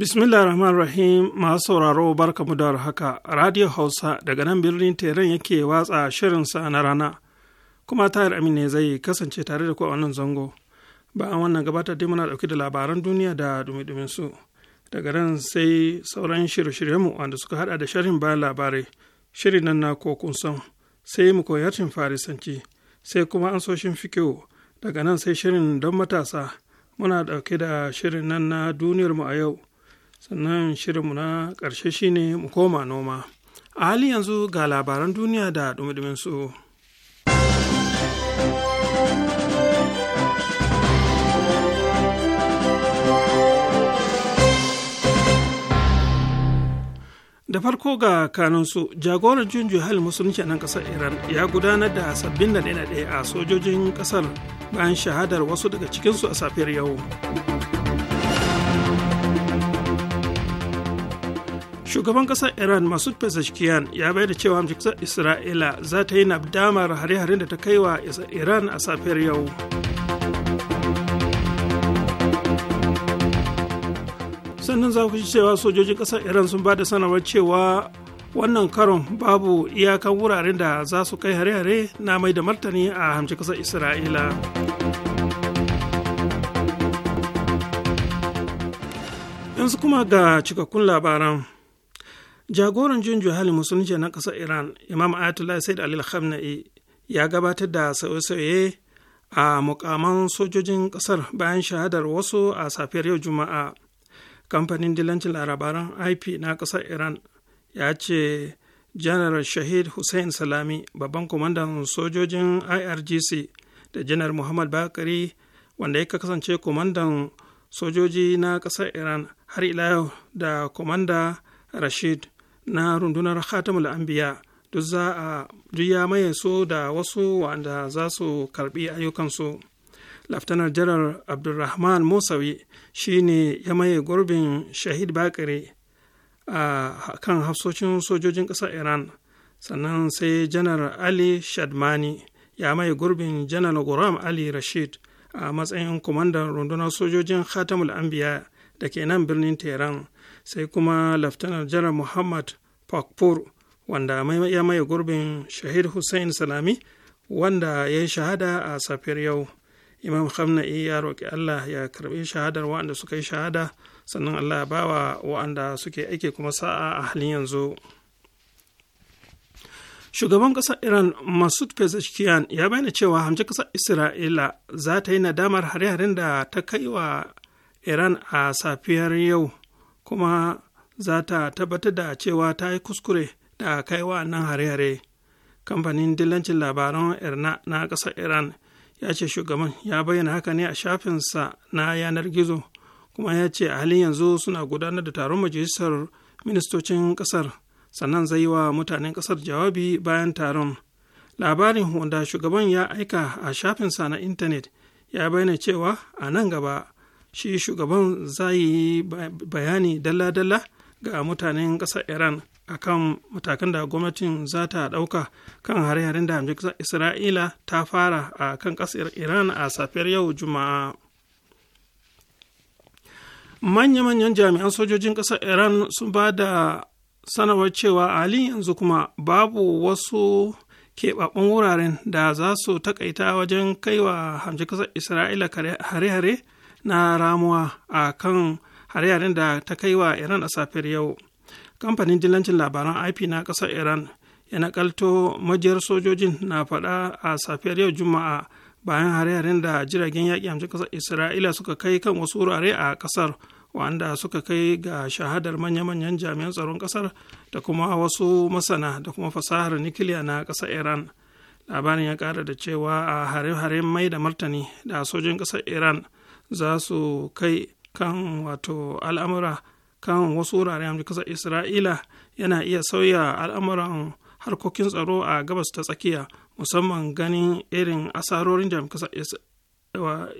Bismillah rahman rahim masu sauraro barka mu da haka Radio Hausa daga nan birnin Teran yake watsa shirin sa na rana kuma tayar amin ne zai kasance tare da ku a wannan zango bayan wannan gabatar dai muna dauke da labaran duniya da dumi su daga nan sai sauran shirye mu wanda suka hada da shirin bayan labarai shirin nan na ko kun san sai mu koyarcin farisanci sai kuma ansoshin fikiyo daga nan sai shirin don matasa muna dauke da shirin nan na duniyarmu a yau sannan shirinmu na ƙarshe shine mu koma noma a hali yanzu ga labaran duniya da dumi su. da farko ga kanunsu jagoran junju hal musulunci nan kasar iran ya gudanar da sabbin da ɗaya a sojojin kasar bayan shahadar wasu daga cikinsu a safiyar yau shugaban kasar iran masud pezeshkian ya bayyana cewa amsar isra'ila za ta yi damar hare-haren da ta kai wa iran a safiyar yau sannan za ku ji cewa sojojin kasar iran sun ba da sanarwar cewa wannan karon babu iyakan wuraren da za su kai hare-hare na mai da martani a hamci kasar isra'ila yanzu kuma ga cikakkun labaran jagoran jin juhali musulunci na ƙasar iran imam ayatollah said alil khamnai ya gabatar da sauye-sauye a mukaman sojojin ƙasar bayan shahadar wasu a safiyar yau juma'a kamfanin dilancin larabaran ip na ƙasar iran ya ce janar shahid hussein salami babban kwamandan sojojin irgc da janar muhammad bakari wanda ya kasance kwamandan sojoji na ƙasar iran har ila yau da kwamanda rashid na rundunar khatamul anbiya duk za a juya ya maye su da wasu wanda za su karbi ayyukansu laftanar jarar abdulrahman musawi shine ya maye gurbin shahid bakare a kan hafsoshin sojojin ƙasar iran sannan sai janar ali shadmani ya maye gurbin janar guram ali rashid a matsayin kwamandan rundunar sojojin khatamul anbiya da ke nan birnin tehran sai kuma laftanar jarar muhammad pakpur wanda ya maye gurbin shahid hussein salami wanda ya yi shahada a safiyar yau imam khamnai ya roƙi allah ya karɓi shahadar waɗanda suka yi shahada sannan allah ya bawa waɗanda suke aiki kuma sa'a a halin yanzu shugaban ƙasar iran masud pezeshkian ya bayyana cewa hamshe ƙasar isra'ila za ta yi nadamar hare-haren da ta kai wa iran a safiyar yau kuma za ta tabbatar da cewa ta yi kuskure da kai wa nan hare-hare kamfanin dillancin labaran irna na ƙasar iran ya ce shugaban ya bayyana haka ne a shafinsa na yanar gizo kuma ya ce a halin yanzu suna gudanar da taron majalisar ministocin ƙasar sannan zai yi wa mutanen ƙasar jawabi bayan taron labarin wanda shugaban ya aika a shafinsa na intanet ya bayyana cewa a nan gaba shi shugaban zai yi bayani dalla-dalla ga mutanen ƙasar iran a kan matakan da gwamnatin za ta ɗauka kan hare-haren da hamjin isra'ila ta fara a kan ƙasar iran a safiyar yau juma'a manya-manyan jami'an sojojin ƙasar iran sun ba da sanarwar cewa a halin yanzu kuma babu wasu keɓaɓɓen wuraren da za su takaita wajen kaiwa hamjin ƙasar isra'ila hare-hare na ramuwa a kan har yarin da ta kai wa iran a safiyar yau kamfanin dillancin labaran ip na kasar iran ya nakalto majiyar sojojin na faɗa a safiyar yau juma'a bayan har yarin da jiragen yaƙi hamsin kasar isra'ila suka kai kan wasu wurare a kasar wanda suka kai ga shahadar manya-manyan jami'an tsaron kasar da kuma wasu masana da kuma fasahar nikiliya na kasar iran labarin ya ƙara da cewa a hare-haren mai da martani da sojin kasar iran za su kai kan wato al'amura kan wasu wurare a kasar isra'ila yana iya sauya al'amuran harkokin tsaro a gabas ta tsakiya musamman ganin irin asarorin da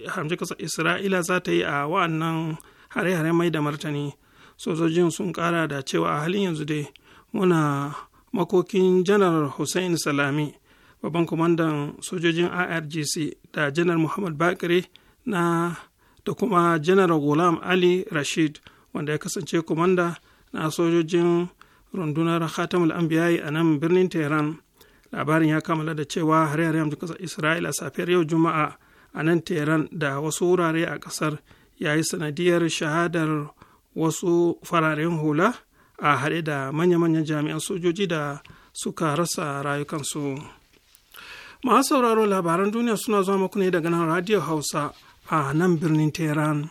hamji kasar isra'ila za ta yi a wa'annan hare-hare mai da martani sojojin sun kara da cewa a halin yanzu dai muna makokin janar hussein salami babban kwamandan sojojin irgc da janar muhammad bakire na da kuma general gulam ali rashid wanda ya kasance komanda na sojojin rundunar khatamul anbiya'i a nan birnin tehran labarin ya kammala da cewa hare-haren kasar isra'ila safiyar yau juma'a a nan tehran da wasu wurare a kasar ya yi sanadiyar shahadar wasu fararen hula a haɗe da manya-manyan jami'an sojoji da suka rasa rayukansu masu sauraro labaran duniya suna zuwa muku ne daga nan radio hausa a nan birnin tehran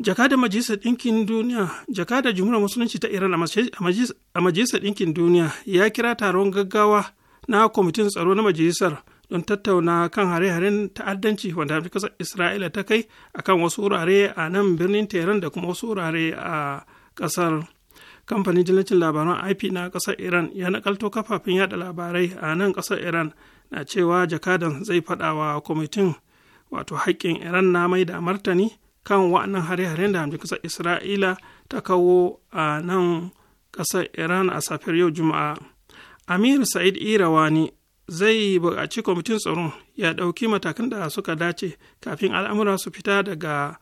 jakadar majalisar ɗinkin duniya jakadar jumhuriyar musulunci ta iran a majalisar ɗinkin duniya ya kira taron gaggawa na kwamitin tsaro na majalisar don tattauna kan hare-haren ta'addanci wanda ƙasar isra'ila ta kai akan wasu wurare a nan birnin tehran da kuma wasu wurare a kasar kamfanin jillacin labaran ip na kasar iran ya nakalto kafafen yada labarai a nan kasar iran na cewa jakadan zai faɗawa kwamitin wato haƙƙin iran na mai da martani kan wa'annan hare-haren da hamji ƙasar isra'ila ta kawo a nan ƙasar iran a safiyar yau juma'a amir sa'id irawani zai buƙaci kwamitin tsaron ya ɗauki matakan da suka dace kafin al'amura su fita daga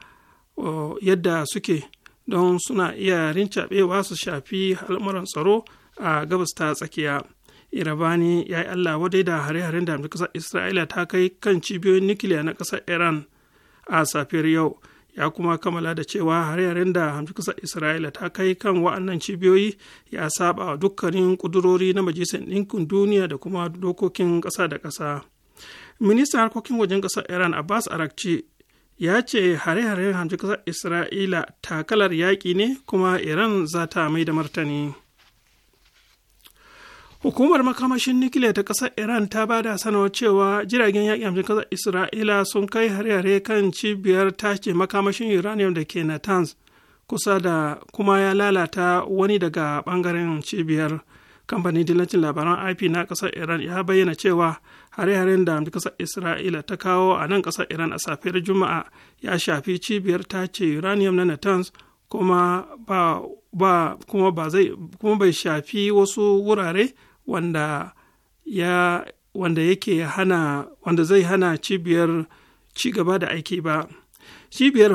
yadda suke don suna iya rincaɓewa su shafi al'amuran tsaro a gabas ta tsakiya irabani ya yi allah wadai da hare-haren da kasar isra'ila ta kai kan cibiyoyin nikiliya na kasar iran a safiyar yau ya kuma kammala da cewa hare-haren da hamsar isra'ila ta kai kan wa'annan cibiyoyi ya saba wa dukkanin kudurori na majalisar ɗinkin duniya da kuma dokokin ƙasa da ƙasa ministan harkokin wajen ƙasar iran abbas arakci ya ce hare-haren kasar isra'ila takalar yaƙi ne kuma iran za ta mai da martani Hukumar makamashin nikiliya ta ƙasar Iran ta ba da sanarwar cewa jiragen yaƙi hamsin Isra'ila sun kai hare-hare kan cibiyar tace makamashin uranium da ke Natanz kusa da kuma ya lalata wani daga bangaren cibiyar. Kamfanin dillacin labaran IP na kasar Iran ya bayyana cewa hare-haren da kasar Isra'ila ta kawo a nan kasar Iran a safiyar Juma'a ya shafi cibiyar tace uranium na Natanz kuma ba, ba kuma ba zai kuma bai shafi wasu wurare wanda ya wanda yake hana wanda zai hana cibiyar ci gaba da aiki ba cibiyar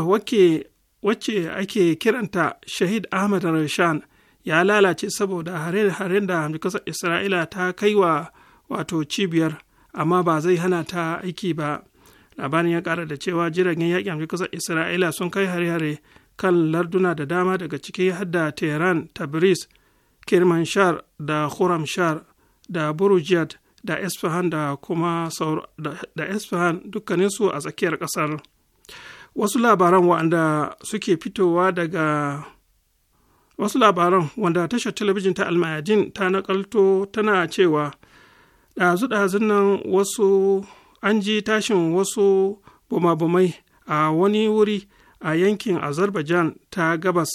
wacce ake kiranta shahid ahmad rashan ya lalace saboda hare-haren da hamdukasar isra'ila ta kai wa wato cibiyar amma ba zai hana ta aiki ba labarin ya kara da cewa jiragen yaƙi hamdukasar isra'ila sun kai hare-hare kan larduna da dama daga ciki hadda tehran tabriz kirmanshar da shar da burujiyat da isfahan da kuma da isfahan dukkaninsu a tsakiyar ƙasar wasu labaran wanda suke fitowa daga wasu labaran wanda tashar talabijin ta almayajin ta nakalto tana cewa ɗazu-ɗazun nan wasu an ji tashin wasu bumabumai a wani wuri a yankin azerbaijan ta gabas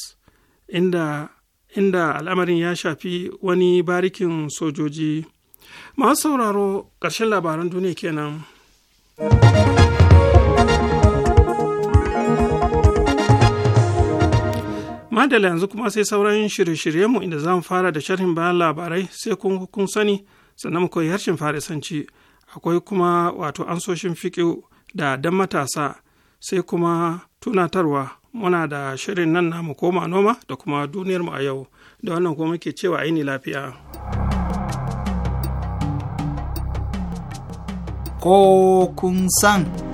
inda inda al'amarin ya shafi wani barikin sojoji masu sauraro ƙarshen labaran duniya kenan. madala yanzu kuma sai sauran shirye-shiryenmu inda za mu fara da sharhin bayan labarai sai kun kun sani sannan mu koyi harshen farisanci akwai kuma wato ansoshin fiƙiu da dan matasa sai kuma tunatarwa muna da shirin nan na namu koma noma da kuma duniyarmu a yau da wannan kuma muke cewa aini lafiya ko kun san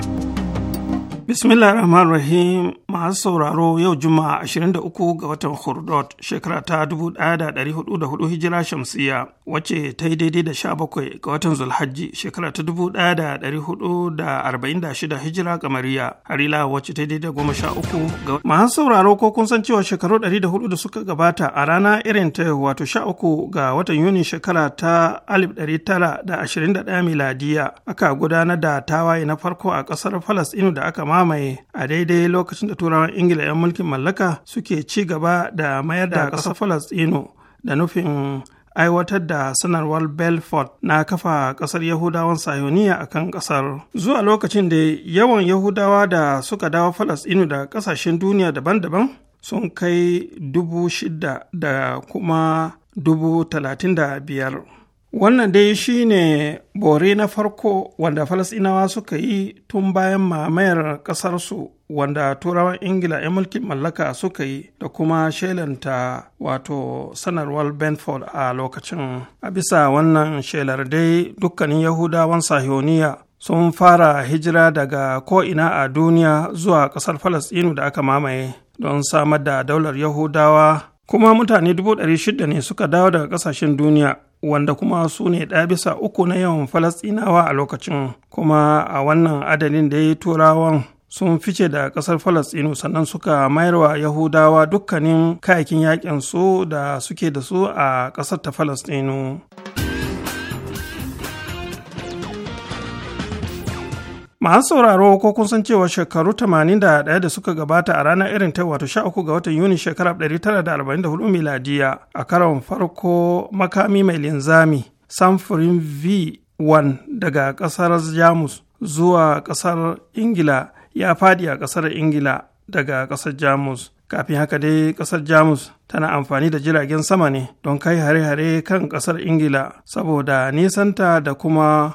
Bismillah Rahman Rahim masu sauraro yau Juma'a 23 ga watan Hurdot shekara ta 1404 hijira shamsiya wacce ta yi daidai da 17 ga watan Zulhajji shekara ta 1446 hijira kamariya harila wacce ta yi daidai da 13 ga masu sauraro ko kun san cewa shekaru 104 da suka gabata a rana irin ta wato 13 ga watan Yuni shekara ta 1921 miladiya aka gudanar da tawaye na farko a kasar Falas inu da aka mamaye a daidai lokacin da turawan ingila 'yan mulkin mallaka suke ci gaba da mayar da ƙasar falastino da nufin aiwatar da sanarwar belfort na kafa ƙasar yahudawan sayoniya a kan ƙasar. zuwa lokacin da yawan yahudawa da suka dawo falasɗinu da ƙasashen duniya daban-daban sun kai dubu shida da kuma dubu talatin da biyar Wannan dai shi ne bore na farko wanda Falasɗinawa suka yi tun bayan mamayar ƙasarsu wanda turawan Ingila ya mulkin mallaka suka yi da kuma shelanta wato sanarwar Benford a lokacin. A bisa wannan shelar dai dukkanin Yahudawan sahioniya sun fara hijira daga ko'ina a duniya zuwa ƙasar Falasɗinu da aka mamaye don samar da daular Yahudawa kuma mutane dubu shida ne suka dawo daga kasashen duniya wanda kuma su ne ɗaya bisa uku na yawan falastinawa a lokacin kuma a wannan adalin da ya turawan sun fice da ƙasar falastinu sannan suka mayarwa yahudawa dukkanin kayakin yakin su da suke da su a ƙasar ta falastinu. masu sauraro ko kun san cewa shekaru 81 da suka gabata a ranar irin ta wato 13 ga watan yuni shekarar 1944 miladiya a karon farko makami mai linzami samfurin v1 daga kasar jamus zuwa kasar ingila ya fadi a kasar ingila daga kasar jamus kafin haka dai kasar jamus tana amfani da jiragen sama ne don kai hare-hare kan kasar ingila saboda nisanta da kuma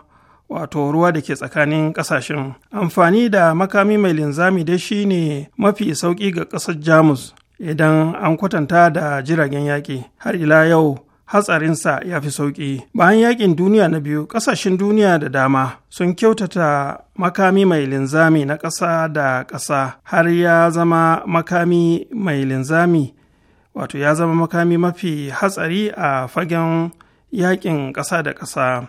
wato ruwa da ke tsakanin ƙasashen amfani da makami mai linzami dai shine mafi sauƙi ga ƙasar jamus idan an kwatanta da jiragen yaƙi har ila yau hatsarinsa ya fi sauƙi bayan yaƙin duniya na biyu ƙasashen duniya da dama sun kyautata makami mai linzami na ƙasa da ƙasa har ya zama makami mai linzami wato ya zama makami mafi hatsari a fagen yaƙin ƙasa da ƙasa.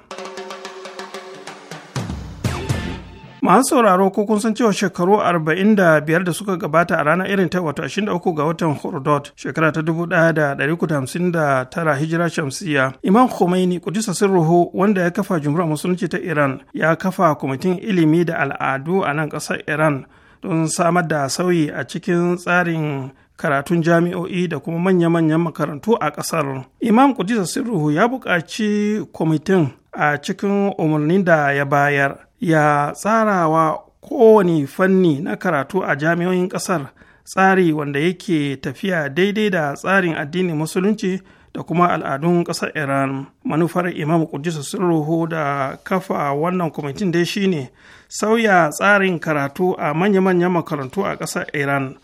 masu sauraro ko kun san cewa shekaru 45 da suka gabata a ranar irin ta wato 23 ga watan hurdot shekara ta 1959 hijira shamsiya imam khomeini kudisa sirruhu wanda ya kafa jumhuriyar musulunci ta iran ya kafa kwamitin ilimi da al'adu a nan ƙasar iran don samar da sauyi a cikin tsarin karatun jami'o'i da kuma manya-manyan makarantu a ƙasar imam kudisa sirruhu ya buƙaci kwamitin a cikin umarnin da ya bayar ya tsarawa kowane fanni na karatu a jami'o'in ƙasar tsari wanda yake tafiya daidai da tsarin addinin musulunci da kuma al'adun ƙasar iran manufar imam kudus sirruhu da kafa wannan kwamitin dai shine sauya tsarin karatu a manya-manyan makarantu a ƙasar iran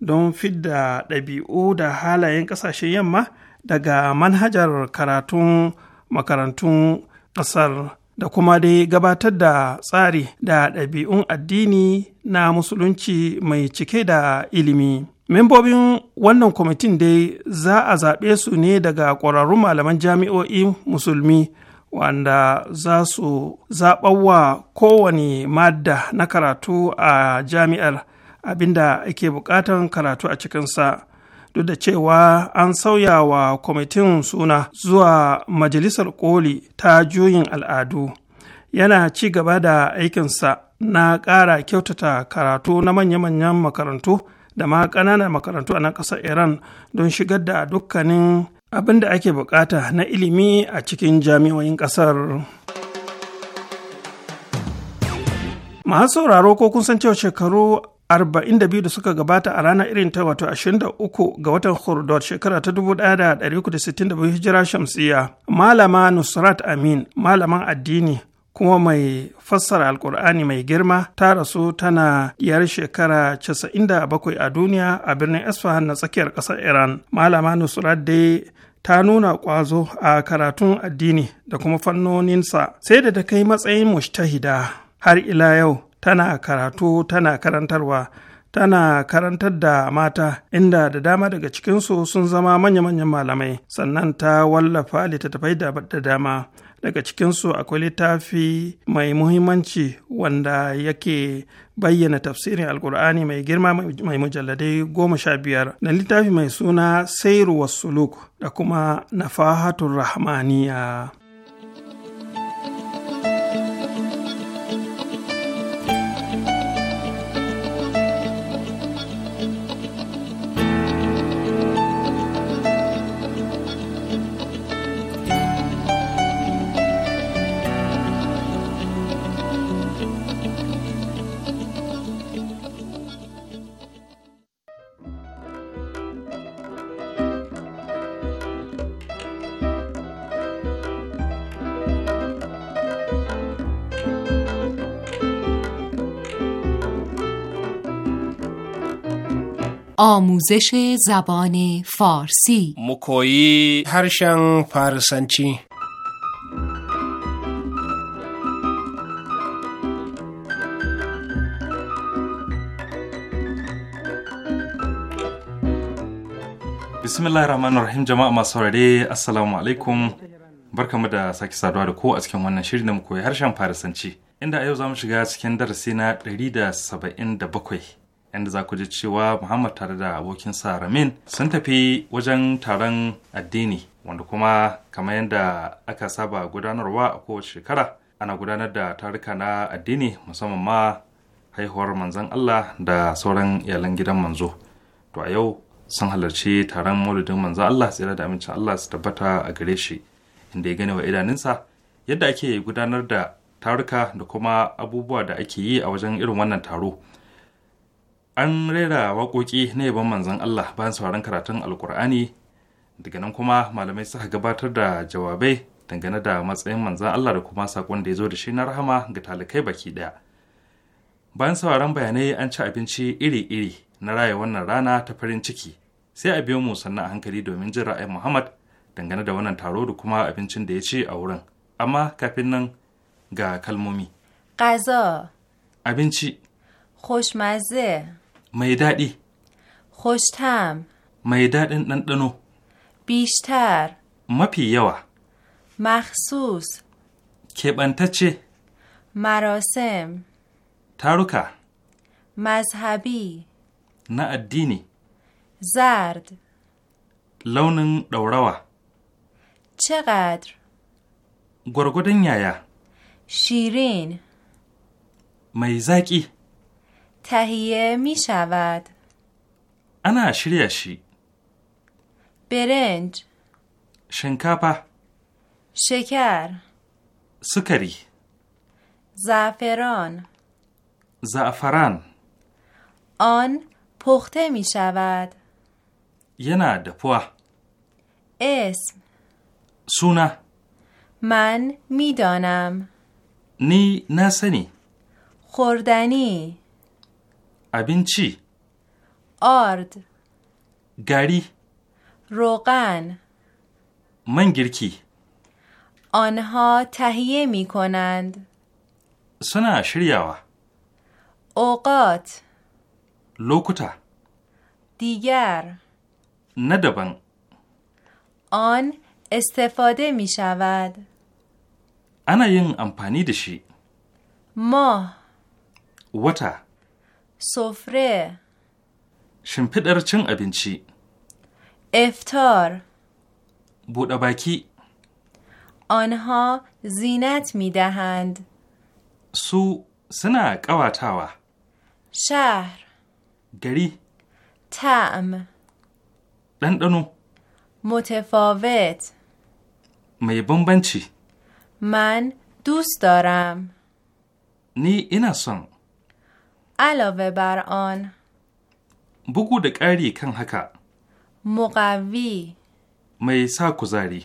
don fidda ɗabi'u da halayen ƙasashen yamma daga manhajar karatun makarantun ƙasar da kuma dai gabatar da tsari da ɗabi'un addini na musulunci mai cike da ilimi. Membobin wannan kwamitin dai za a zaɓe su ne daga ƙwararrun malaman jami'o'i musulmi wanda za su zaɓawa kowane madda na karatu a jami'ar abinda ake buƙatar karatu a cikinsa. duk da cewa an sauya wa kwamitin suna zuwa majalisar koli ta juyin al'adu yana ci gaba da aikinsa na ƙara kyautata karatu na manya-manyan makarantu da ma ƙananan makarantu a nan iran don shigar da dukkanin abin da ake bukata na ilimi a cikin jami'o'in ƙasar masu sauraro ko kun san cewa shekaru 42 da suka gabata a ranar irin ta wato 23 ga watan Hurdor shekara ta biyu hijira shamsiya. Malama Nusrat Amin, malaman addini kuma mai fassara alkur'ani mai girma ta rasu tana yar shekara 97 a duniya a birnin Isfahan na tsakiyar ƙasar Iran. Malama Nusrat dai ta nuna ƙwazo a karatun addini da kuma fannoninsa sai da ta kai matsayin mushtahida har ila yau tana karatu tana karantarwa tana karantar da mata inda da dama daga cikinsu sun zama manya-manyan malamai sannan ta wallafa littattafai da dama daga cikinsu akwai littafi mai muhimmanci wanda yake bayyana tafsirin alkur'ani mai girma mai mujalladai goma sha biyar da littafi mai suna sairu wasu da kuma nafahatun rahmaniya آموزش زبان فارسی مکویی هرشن فارسنچی bismillah rahman rahim jama'a masu saurare assalamu alaikum barkamu da sake saduwa da ku a cikin wannan shirin da mu koyi harshen farisanci inda a yau za mu shiga cikin darasi na ɗari da da bakwai. inda za ku ji cewa muhammad tare da abokinsa ramin sun tafi wajen taron addini wanda kuma kamar yadda aka saba gudanarwa a kowace shekara ana gudanar da taruka na addini musamman ma haihuwar manzon allah da sauran iyalan gidan manzo to a yau sun halarci taron maulidin manzon allah tsira da amincin allah su tabbata a gare shi inda ya gane wa idanunsa yadda ake gudanar da taruka da kuma abubuwa da ake yi a wajen irin wannan taro an rera waƙoƙi na yaban manzon Allah bayan sauran karatun Alƙur'ani, daga nan kuma malamai suka gabatar da jawabai dangane da matsayin manzan Allah da kuma sakon da ya zo da shi na rahama ga talakai baki ɗaya. Bayan sauraron bayanai an ci abinci iri-iri na raya wannan rana ta farin ciki sai a biyo mu sannan a hankali domin jin ra'ayin Muhammad dangane da wannan taro da kuma abincin da ya ci a wurin. Amma kafin nan ga kalmomi. Gaza. Abinci. Khoshmaze. mai daɗi hostam mai daɗin ɗanɗano Bishtar. mafi yawa maksus keɓantacce Marosem. taruka Mazhabi. na addini Zard. launin ɗaurawa چقدر gwargwadon yaya shirin mai zaƙi تهیه می شود انا شی برنج شنکاپا شکر سکری زعفران زعفران آن پخته می شود ینا دپوه اسم سونا من میدانم نی نسنی خوردنی چی؟ آرد گری روغن من گرکی آنها تهیه می کنند سنا شریعه اوقات لوکتا دیگر ندبن آن استفاده می شود انا یه امپانی دشی ماه وتا sofre shimfiɗar cin abinci iftar buɗe baki onha zinat midahand su suna ƙawatawa shahr gari ta'am ɗanɗano متفاوت مي بمبنشي من دوست دارم ني انا سن علاوه بر آن بگو da ƙare kan haka مقوی mai sa kuzari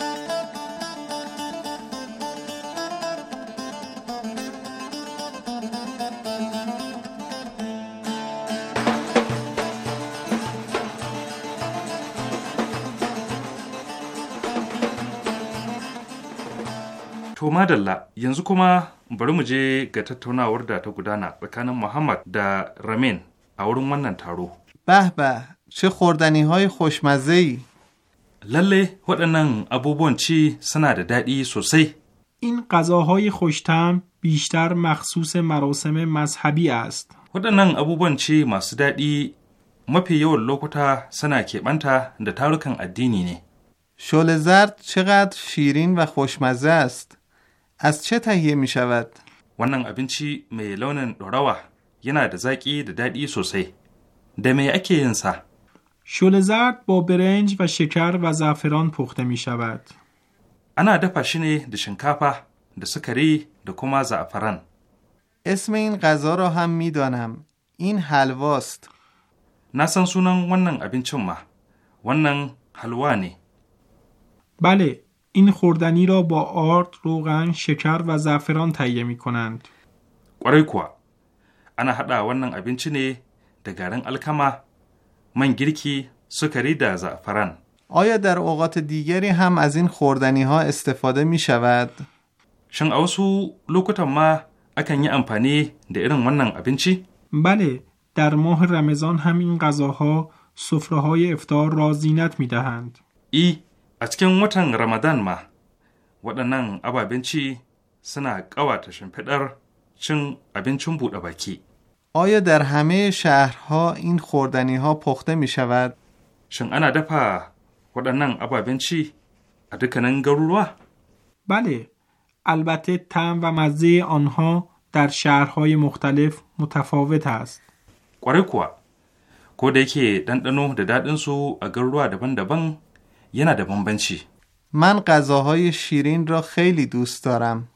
To madalla yanzu kuma bari mu je ga tattaunawar da ta gudana tsakanin muhammad da ramin a wurin wannan taro Bah bah, ce khordani hoy خوشمزه Lalle waɗannan abubuwan ci suna da daɗi sosai in غذاهای خوشتم bishtar makhsus marasim mazhabi ast waɗannan abubuwan ci masu daɗi mafi yawan lokuta suna keɓanta da tarukan addini ne شل زرد shirin va و ast. از چه تهیه می شود؟ wannan abinci mai launin ɗorawa yana da zaƙi da daɗi sosai da me ake yin sa shole zard ba berenj va shekar va zafiran pukhte mi ana dafa shi ne da shinkafa da sukari da kuma za'afaran اسم این غذا را هم میدانم این حلواست na san sunan wannan abincin ma wannan halwa ne bale این خوردنی را با آرد، روغن، شکر و زعفران تهیه می کنند. قرای کوا انا حدا wannan ابینچی نی da garin alkama, man girki, sukari زعفران. آیا در اوقات دیگری هم از این خوردنی ها استفاده می شود؟ شن اوسو لوکوتا ما اکن یه امپانی ده ایرن ونن ابینچی؟ بله، در ماه رمضان همین این غذاها سفره های افتار را زینت می دهند. ای A cikin watan Ramadan ma, waɗannan ababen ci suna ƙawata shimfiɗar cin abincin buɗe baki. آیا در همه شهرها این خوردنی ها پخته می شود؟ شن انا دپا ودنن ابابین چی؟ ادکنن گروروا؟ بله البته تم و مزه آنها در شهرهای مختلف متفاوت است. قره کوا ko da yake ɗanɗano da daɗinsu a garuruwa daban-daban یه نده بمبنچی من غذاهای شیرین را خیلی دوست دارم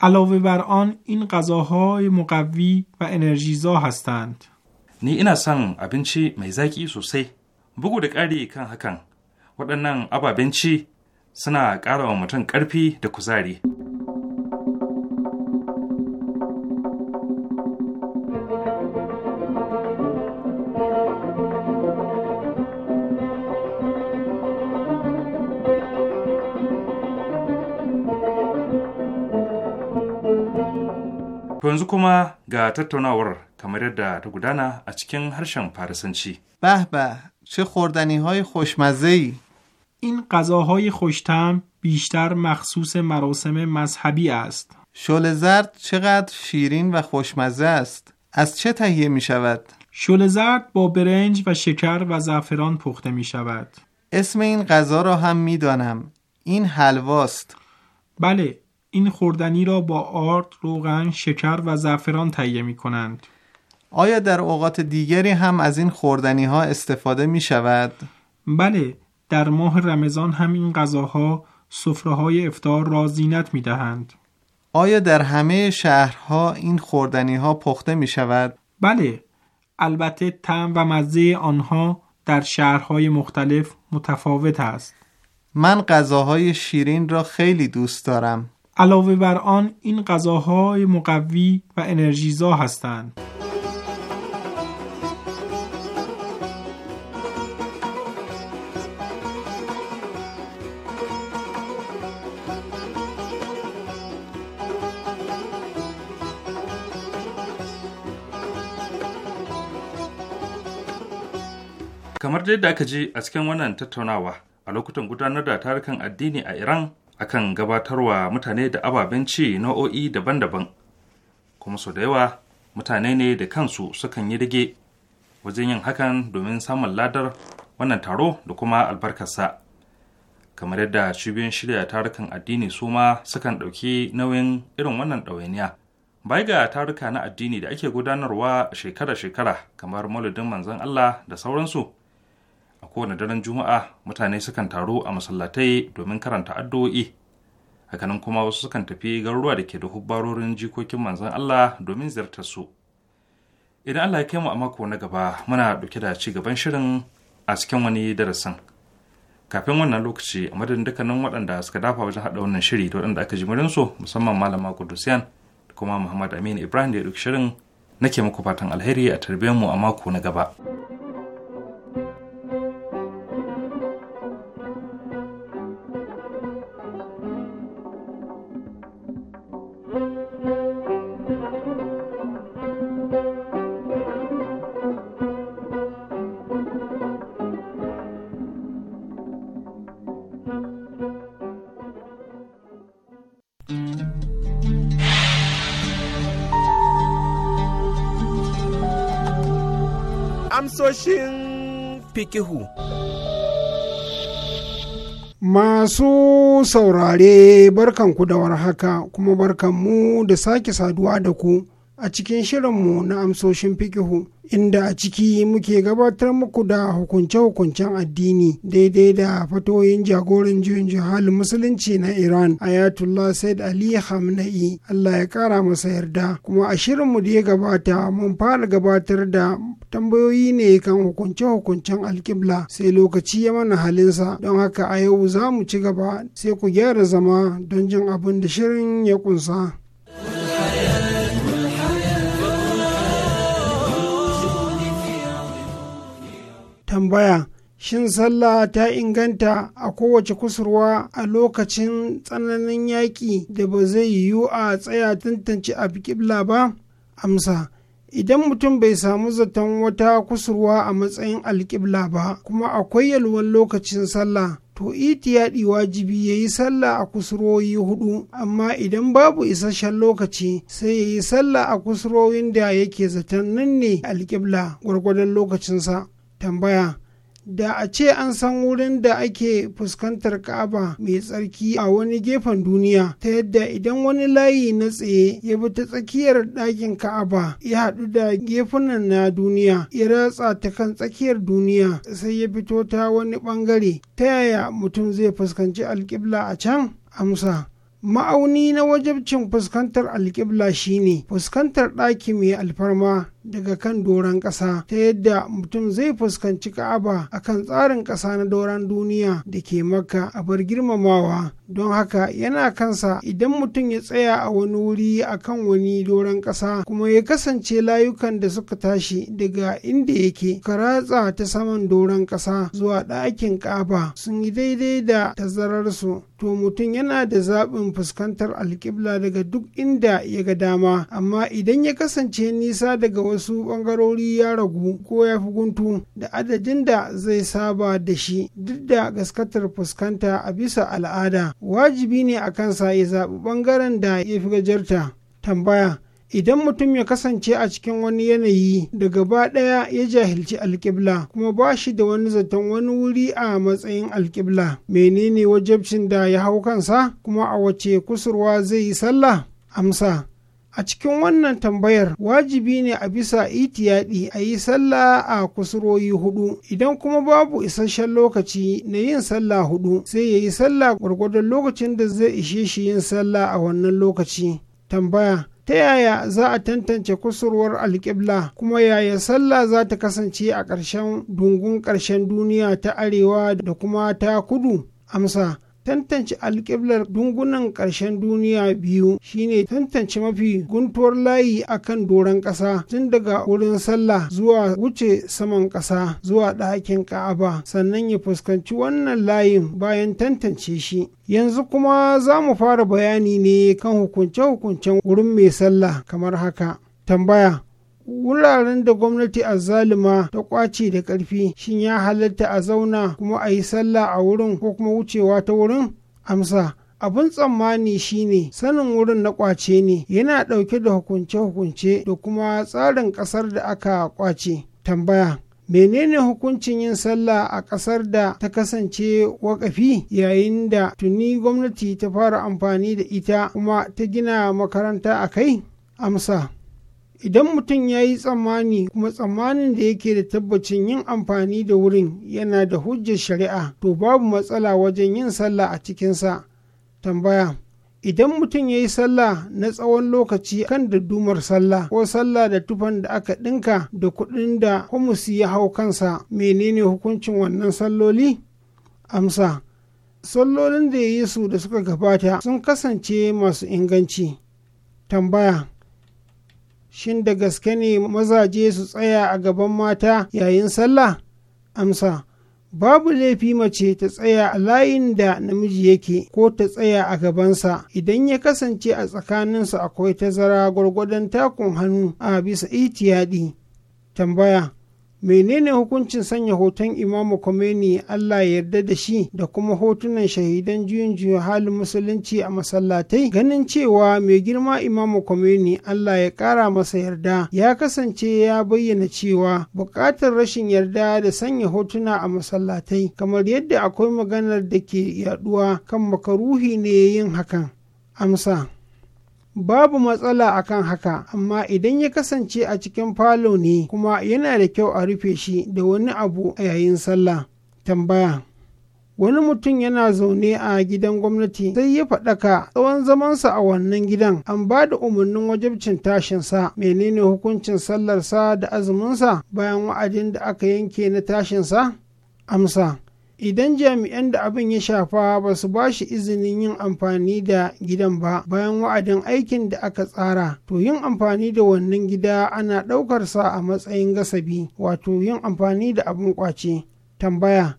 علاوه بر آن این غذاهای مقوی و انرژیزا هستند نی اینا سن ابینچی می زاکی سوسی بگو da ƙari kan hakan waɗannan ababen ci suna ƙara wa mutum ƙarfi da kuzari yanzu kuma ga tattaunawar kamar yadda ta gudana چه خوردنی های خوشمزه ای این غذاهای خوشتم بیشتر مخصوص مراسم مذهبی است شل زرد چقدر شیرین و خوشمزه است از چه تهیه می شود شل زرد با برنج و شکر و زعفران پخته می شود اسم این غذا را هم می دانم. این حلواست بله این خوردنی را با آرد، روغن، شکر و زعفران تهیه می کنند. آیا در اوقات دیگری هم از این خوردنی ها استفاده می شود؟ بله، در ماه رمضان هم این غذاها سفره های افتار را زینت می دهند. آیا در همه شهرها این خوردنی ها پخته می شود؟ بله، البته تم و مزه آنها در شهرهای مختلف متفاوت است. من غذاهای شیرین را خیلی دوست دارم. علاوه بر آن این غذاهای مقوی و انرژیزا هستند. kamar da aka ji a cikin wannan tattaunawa a lokutan gudanar da tarukan addini a iran akan gabatarwa mutane da ababen ci nau'o'i daban-daban kuma sau da yawa mutane ne da kansu sukan yi rage wajen yin hakan domin samun ladar wannan taro da kuma albarkarsa kamar yadda cibiyoyin shirya tarukan addini su ma sukan ɗauki nauyin irin wannan ɗawainiya bai ga taruka na addini da ake gudanarwa shekara-shekara kamar mauludin manzon Allah da sauransu kowane daren juma'a mutane sukan taru a masallatai domin karanta addu'o'i hakanan kuma wasu sukan tafi garuruwa da ke da hubbarorin jikokin manzan Allah domin ziyartar su idan Allah ya kai mu a mako na gaba muna dauke da ci gaban shirin a cikin wani darasin kafin wannan lokaci a madadin dukkanin waɗanda suka dafa wajen haɗa wannan shiri da waɗanda aka ji su musamman malama kudusiyan da kuma muhammad aminu ibrahim da ya ɗauki shirin nake muku fatan alheri a tarbiyyar mu a mako na gaba. Amsoshin fikihu. Masu saurare barkanku da warhaka kuma barkanmu da sake saduwa da ku a cikin shirinmu na amsoshin fikihu. inda a ciki muke gabatar muku da hukunce-hukuncen addini daidai da fatoyin jagoran juyin jihal musulunci na iran ayatullah said ali hamna'i allah ya kara masa yarda kuma a shirinmu da ya gabata mun fara gabatar da tambayoyi ne kan hukunce-hukuncen alkibla sai lokaci ya mana halinsa don haka a yau za mu ci gaba sai ku gyara zama don jin abin da shirin ya kunsa. tambaya shin sallah ta inganta a kowace kusurwa a lokacin tsananin yaƙi da ba zai yiwu a tsaya tantance a kibla ba amsa idan mutum bai samu zaton wata kusurwa a matsayin alƙibla ba kuma akwai yalwan lokacin sallah to itiyaɗi wajibi ya yi sallah a kusurwoyi hudu amma idan babu isasshen lokaci sai ya yi sallah a kusurwoyin da yake zaton nan ne alƙibla gwargwadon lokacinsa tambaya da a ce an san wurin da ake fuskantar ka'aba mai tsarki a wani gefen duniya ta yadda idan wani layi na tsaye ya bi ta tsakiyar ɗakin ka'aba ya haɗu da gefunan na duniya ya ratsa ta kan tsakiyar duniya sai ya fito ta wani ɓangare ta yaya mutum zai fuskanci alƙibla a can amsa ma'auni na wajabcin fuskantar alƙibla shine fuskantar ɗaki mai alfarma daga kan doron ƙasa ta yadda mutum zai fuskanci ka'aba a kan tsarin ƙasa na doron duniya da ke maka a bar girmamawa don haka yana kansa idan mutum ya tsaya a wani wuri a kan wani doron ƙasa kuma ya kasance layukan da suka tashi daga inda yake ka ratsa ta saman doron ƙasa zuwa ɗakin ƙaba sun yi daidai da tazararsu to mutum yana da zaɓin fuskantar alƙibla daga duk inda ya ga dama amma idan ya kasance nisa daga wasu bangarori ya ragu ko ya fi guntu da adadin da zai saba da shi duk da gaskatar fuskanta a bisa al'ada wajibi ne a kansa ya zaɓi bangaren da ya fi gajarta tambaya idan mutum ya kasance a cikin wani yanayi da gaba ɗaya ya jahilci alƙibla kuma ba shi da wani zaton wani wuri a matsayin alƙibla menene wajabcin da ya hau kansa kuma a wace kusurwa zai yi sallah amsa a cikin wannan tambayar wajibi ne a bisa itiyadi a yi sallah a kusurwoyi hudu idan kuma babu isasshen lokaci na yin sallah hudu sai ya yi sallah gwargwadon lokacin da zai ishe shi yin sallah a wannan lokaci tambaya ta yaya za a tantance kusurwar alƙibla kuma yaya sallah za ta kasance a ƙarshen dungun ƙarshen duniya ta arewa da kuma ta kudu amsa tantance alƙiblar dungunan ƙarshen duniya biyu shine tantance mafi guntuwar layi akan doron ƙasa tun daga wurin sallah zuwa wuce saman ƙasa zuwa ɗakin ka'aba sannan ya fuskanci wannan layin bayan tantance shi yanzu kuma za mu fara bayani ne kan hukunce-hukuncen wurin mai sallah kamar haka tambaya wuraren da gwamnati a zalima ta kwace da ƙarfi shin ya halatta a zauna kuma a yi sallah a wurin ko kuma wucewa ta wurin amsa abin tsammani shine sanin wurin na kwace ne yana ɗauke da hukunce-hukunce da kuma tsarin ƙasar da aka kwace tambaya menene hukuncin yin sallah a ƙasar da ta kasance wakafi yayin da tuni gwamnati ta fara amfani da ita kuma ta gina makaranta a kai amsa idan mutum ya yi tsammani kuma tsammanin da yake da tabbacin yin amfani da wurin yana da hujjar shari'a to babu matsala wajen yin sallah a cikinsa tambaya idan mutum ya yi sallah na tsawon lokaci kan daddumar sallah ko sallah da tufan da aka ɗinka da kuɗin da humusi ya hau kansa menene hukuncin wannan salloli amsa sallolin da ya yi su da suka gabata sun kasance masu inganci tambaya shin da gaske ne mazaje su tsaya a gaban mata yayin sallah amsa babu laifi mace ta tsaya a layin da namiji yake ko ta tsaya a gabansa idan ya kasance a tsakaninsa akwai tazara gwargwadon takun hannu a bisa itiyadi tambaya menene hukuncin sanya hoton imamu Khomeini Allah ya yarda da shi da kuma hotunan shahidan juyin juya halin musulunci a masallatai ganin cewa mai girma imamu Khomeini Allah ya kara masa yarda ya kasance ya bayyana cewa bukatar rashin yarda da sanya hotuna a masallatai kamar yadda akwai maganar da ke yaduwa kan makaruhi ne yin hakan amsa babu matsala akan haka amma idan ya kasance a cikin falo ne kuma yana da kyau a rufe shi da wani abu a yayin sallah tambaya wani mutum yana zaune a gidan gwamnati sai ya faɗaka tsawon zamansa a wannan gidan an ba da umarnin wajibcin tashinsa menene hukuncin sallarsa da azuminsa bayan wa'adin da aka yanke na tashinsa amsa idan jami'an da abin ya shafa ba su ba shi izinin yin amfani da gidan ba bayan wa'adin aikin da aka tsara to yin amfani da wannan gida ana ɗaukarsa a matsayin gasabi wato yin amfani da abin kwace tambaya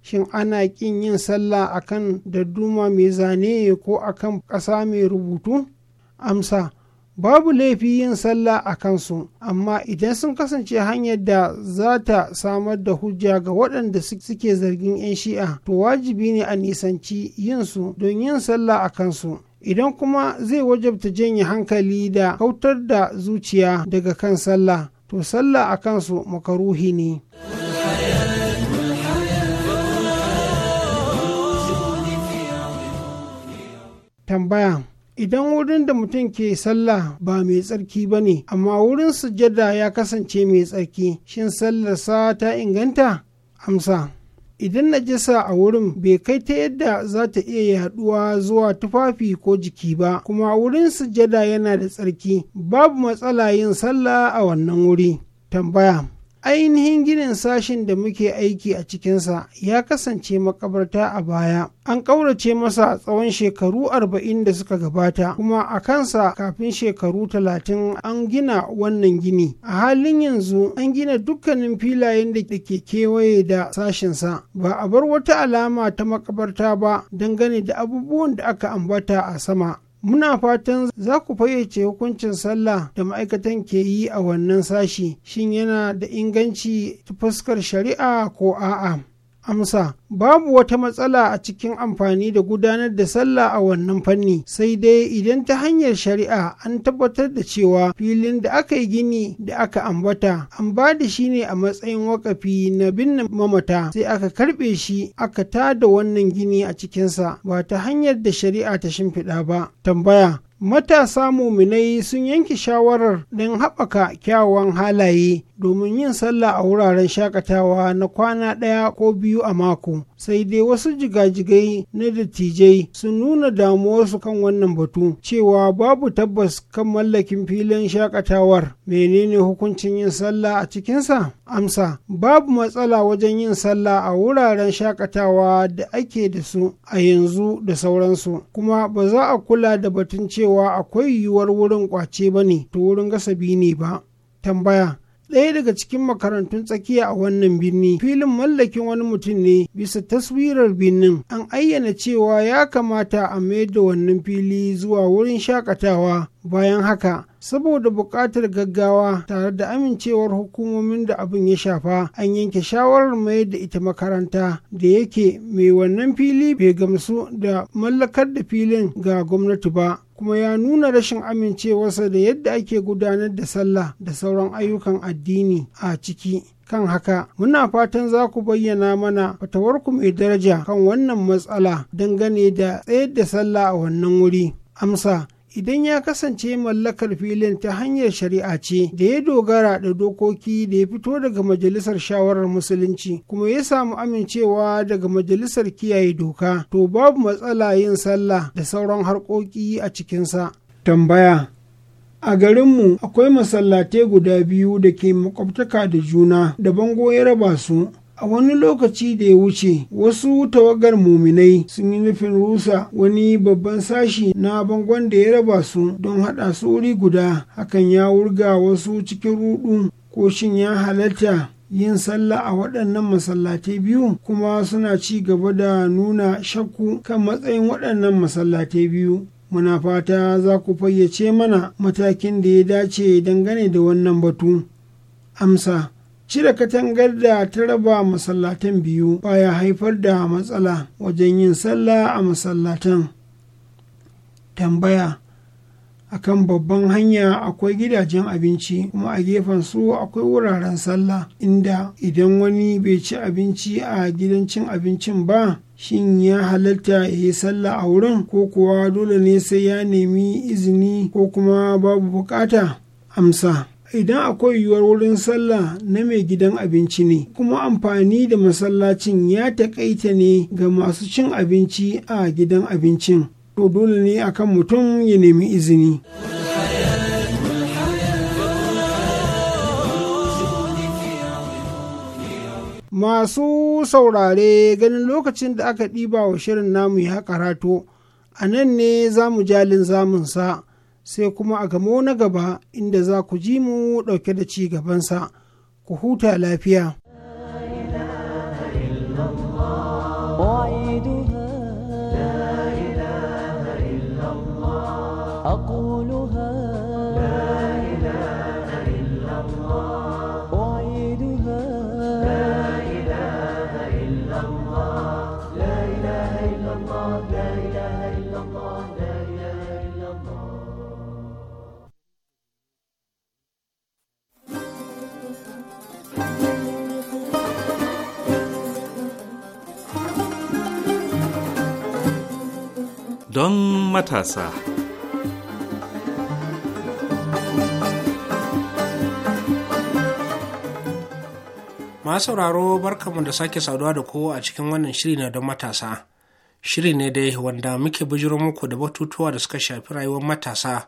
shin ana ƙin yin sallah akan dadduma mai zane ko akan ƙasa mai rubutu amsa babu laifi yin sallah a kansu amma idan sun kasance hanyar da za ta samar da hujja ga waɗanda suke zargin 'yan shi'a to wajibi ne a nisanci yinsu don yin sallah a kansu idan kuma zai wajabta janye hankali da kautar da zuciya daga kan sallah to sallah a kansu makaruhi ne. tambaya idan wurin da mutum ke sallah ba mai tsarki ba ne amma wurin sujada ya kasance mai tsarki shin sallarsa ta inganta amsa idan najasa a wurin bai kai ta yadda za ta iya yaduwa zuwa tufafi ko jiki ba kuma wurin sujada yana da tsarki babu matsala yin sallah a wannan wuri tambaya ainihin ginin sashin da muke aiki a cikinsa ya kasance makabarta a baya an ƙaurace masa tsawon shekaru arba'in da suka gabata kuma a kansa kafin shekaru talatin an gina wannan gini a halin yanzu an gina dukkanin filayen da ke kewaye da sashinsa ba a bar wata alama ta makabarta ba dangane da abubuwan da aka ambata a sama Muna fatan za ku fayyace hukuncin sallah da ma'aikatan ke yi a wannan sashi, shin yana da inganci ta fuskar shari'a ko a'a. amsa babu wata matsala a cikin amfani da gudanar da sallah a wannan fanni sai dai idan ta hanyar shari'a an tabbatar da cewa filin da aka yi gini da aka ambata an ba da shi ne a matsayin wakafi na binne mamata sai aka karbe shi aka tada wannan gini a cikinsa ba ta hanyar da shari'a ta shimfiɗa ba tambaya matasa muminai sun yanke shawarar ɗin haɓaka kyawawan halaye domin yin sallah a wuraren shakatawa na kwana ɗaya ko biyu a mako sai dai wasu jigajigai na dattijai sun nuna damuwarsu kan wannan batu cewa babu tabbas kan mallakin filin shakatawar menene hukuncin yin sallah a cikinsa amsa babu matsala wajen yin sallah a wuraren shakatawa da ake da su a yanzu da sauransu kuma ba za a kula da batun cewa cewa akwai yiwuwar wurin kwace ba ne to wurin gasabi ne ba tambaya ɗaya daga cikin makarantun tsakiya a wannan birni filin mallakin wani mutum ne bisa taswirar birnin an ayyana cewa ya kamata a mayar da wannan fili zuwa wurin shakatawa bayan haka saboda buƙatar gaggawa tare da amincewar hukumomin da abin ya shafa an yanke shawarar mayar da ita makaranta da yake mai wannan fili bai gamsu da mallakar da filin ga gwamnati ba kuma ya nuna rashin amincewarsa da yadda ake gudanar da sallah da sauran ayyukan addini a ciki kan haka muna fatan za ku bayyana mana fatawarku mai daraja kan wannan matsala dangane da tsayar da sallah a wannan wuri amsa idan ya kasance mallakar filin ta hanyar shari'a ce da ya dogara da dokoki da ya fito daga majalisar shawarar musulunci kuma ya samu amincewa daga majalisar kiyaye doka to babu matsala yin sallah da sauran harkoki a cikinsa tambaya a garinmu akwai masallatai guda biyu da ke makwabtaka da juna da bango ya raba su a wani lokaci da ya wuce wasu tawagar muminai sun yi nufin rusa wani babban sashi na bangon da ya raba su don haɗa su wuri guda hakan ya wurga wasu cikin rudu ko shin ya halatta yin sallah a waɗannan masallatai biyu kuma suna ci gaba da nuna shakku kan matsayin waɗannan masallatai biyu muna fata za ku fayyace mana matakin da ya dace dangane da wannan batu amsa cire katangar da ta raba masallatan biyu Ba ya haifar da matsala wajen yin sallah a masallatan tambaya A kan babban hanya akwai gidajen abinci kuma a gefen su akwai wuraren sallah inda idan wani bai ci abinci a gidan cin abincin ba shin ya halatta ya yi sallah a wurin ko kuwa dole ne sai ya nemi izini ko kuma babu bukata amsa idan akwai yiwuwar wurin sallah na mai gidan abinci ne kuma amfani da masallacin ya taƙaita ne ga masu cin abinci a gidan abincin to dole ne akan mutum ya nemi izini. Masu saurare ganin lokacin da aka ɗiba wa shirin namu ya karato, a nan ne za mu jalin zamunsa sai kuma a gamo na gaba inda za ku ji mu ɗauke da ci gabansa ku huta lafiya. don matasa. Masu sauraro barkamu da sake saduwa da kowa a cikin wannan shiri na don matasa. Shiri ne dai wanda muke bijiro muku da batutuwa da suka shafi rayuwar matasa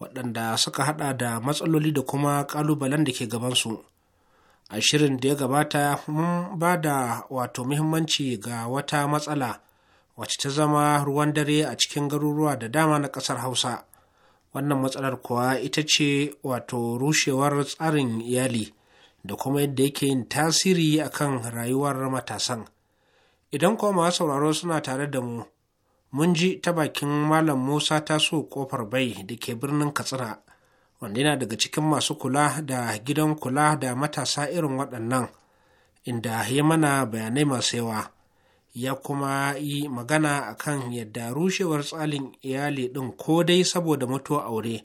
waɗanda suka haɗa da matsaloli da kuma ƙalubalen da ke gabansu. A shirin da ya gabata mun ba da wato muhimmanci ga wata matsala. wacce ta zama ruwan dare a cikin garuruwa da dama na ƙasar hausa wannan matsalar kuwa ita ce wato rushewar tsarin iyali da kuma yadda yake yin tasiri akan rayuwar matasan idan kuma masu sauraro suna tare da mu mun ji ta bakin malam musa ta so kofar bai da ke birnin katsina wanda yana daga cikin masu kula da gidan kula da matasa irin waɗannan inda ya mana bayanai masu yawa ya kuma yi magana a kan yadda rushewar tsalin iyali ɗin ko dai saboda mutuwa aure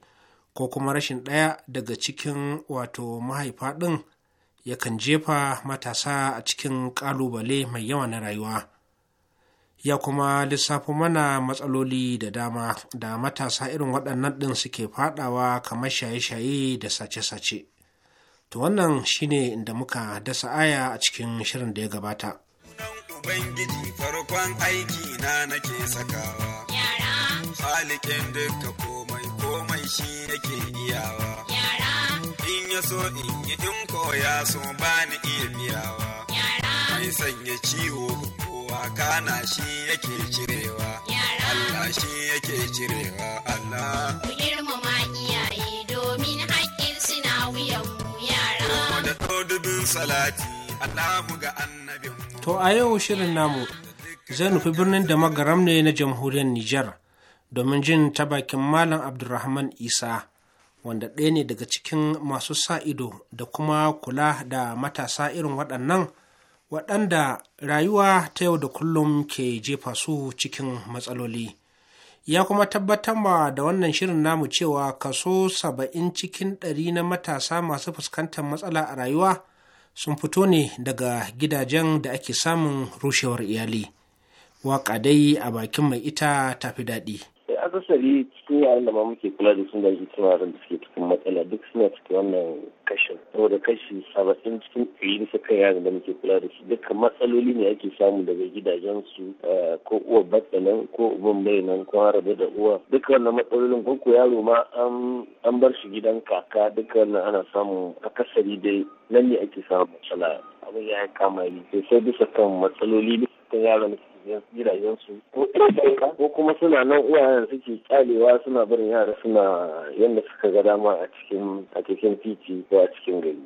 ko kuma rashin ɗaya daga cikin wato mahaifa ɗin yakan jefa matasa a cikin ƙalubale mai yawa na rayuwa ya kuma lissafo mana matsaloli da dama da matasa irin waɗannan ɗin suke faɗawa kamar shaye-shaye da sace-sace to wannan shine inda muka dasa aya a cikin shirin da ya gabata Ubangiji farkon aiki na nake sakawa. Yara. Halikin duka komai komai shi nake iyawa. Yara. In ya so in yi in koya so ni iya biyawa. Yara. Mai sanya ciwo kowa kana shi yake cirewa. Yara. Allah shi yake cirewa Allah. Ku girmama iyaye domin haƙƙin suna wuyan mu yara. Mu da dubin salati. Allah ga annabi To a yau shirin namu zai nufi birnin da magaram ne na jamhuriyar Nijar domin jin ta bakin Malam Abdulrahman Isa wanda ɗaya ne daga cikin masu sa ido da kuma kula da matasa irin waɗannan waɗanda rayuwa ta yau da kullum ke jefa su cikin matsaloli. Ya kuma tabbatar ma da wannan shirin namu cewa kaso saba'in cikin ɗari na matasa masu fuskantar matsala a rayuwa sun fito ne daga gidajen da ake samun rushewar iyali waƙa dai a bakin mai ita tafi daɗi akasari cikin yayin da ma muke kula da sun da cikin da suke cikin matsala duk suna cikin wannan kashin saboda kashi saba'in cikin ɗari bisa kan yaran da muke kula da su dukkan matsaloli ne ake samu daga gidajen su eh, ko uwa batsa nan ko uban bai nan ko harabe da uwa duka wannan matsalolin ko yaro ma an bar shi gidan kaka duka wannan ana samun akasari dai nan ne ake samu matsala abin ya kama yi sai bisa kan matsaloli bisa kan yaran ko kuma suna nan uwayen suke kyalewa suna barin yara suna yadda suka ga dama a cikin a cikin titi ko a cikin gari.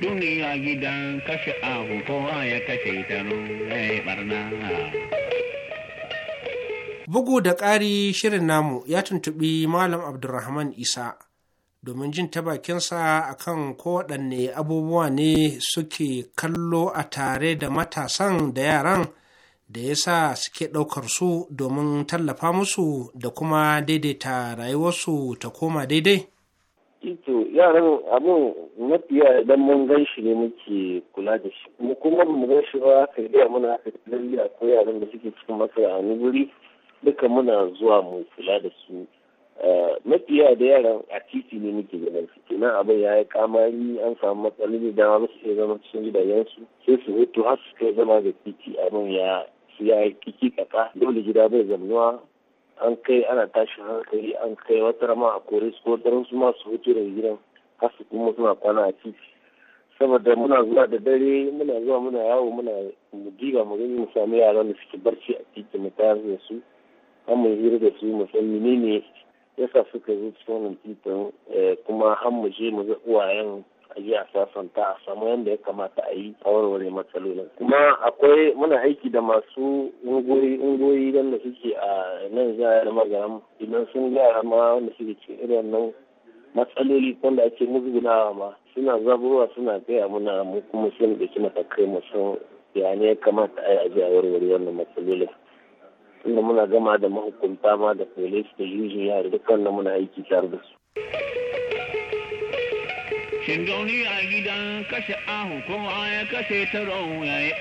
Duniya gidan kashe abu ko ya kashe ita ya eh, barna. Bugu da ƙari shirin namu ya tuntuɓi Malam Abdulrahman Isa. domin jin ta bakinsa a kan kowaɗanne abubuwa ne suke kallo a tare da matasan da yaran da ya sa suke ɗaukar su domin tallafa musu da kuma daidaita rayuwarsu ta koma daidai? Ito yaran abin mafiya idan mun gan shi ne muke kula da shi mu kuma mu gan shi ba ka iya muna aka lalle akwai yaran da suke cikin masana'antu wuri duka muna zuwa mu kula da su mafi yawa da yaran a titi ne muke ganin su kenan abin ya yi kamari an samu matsaloli da dama su ke zama cikin gidajensu sai su hutu har su kai zama da titi abin ya su ya yi kiki kaka dole gida bai zamuwa an kai ana tashi hankali an kai wata rama a kore su ko daren su ma su hutu da gidan har su kuma suna kwana a titi saboda muna zuwa da dare muna zuwa muna yawo muna diba mu gani mu sami yaran da suke barci a titi mu tayar da su an mu hira da su mu san menene yasa suka zo cikin wannan eh, kuma har mu je mu ga uwayen a je a sasanta a samu yadda ya kamata a yi a warware matsalolin kuma akwai muna aiki da masu ungoyi ungoyi da suke a nan a da magaram idan sun gyara ma wanda suke cikin irin nan matsaloli wanda ake musgunawa ma suna zaburwa suna gaya muna mu kuma sun da matakai mu sun ya ne kamata a yi a warware wannan matsalolin inda muna gama da mahukunta ma da police da yujin yare dukkan muna aiki tare da su. Shin a gidan kashe ahu ko ya kashe taro ya yi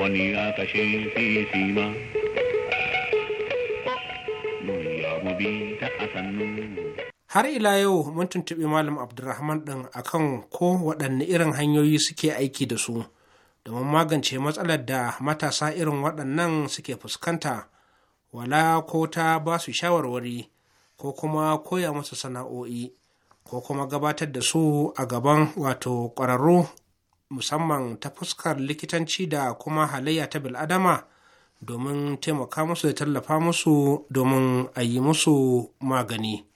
wani ya kashe fifi ma. Har ila yau mun tuntuɓi Malam Abdulrahman ɗin akan ko waɗanne irin hanyoyi suke aiki da su. domin magance matsalar da matasa irin waɗannan suke fuskanta wala ko ta ba su shawarwari ko kuma koya musu sana'o'i ko kuma gabatar da su a gaban wato ƙwararru musamman ta fuskar likitanci da kuma halayya ta bil'adama domin taimaka musu da tallafa musu domin a yi musu magani.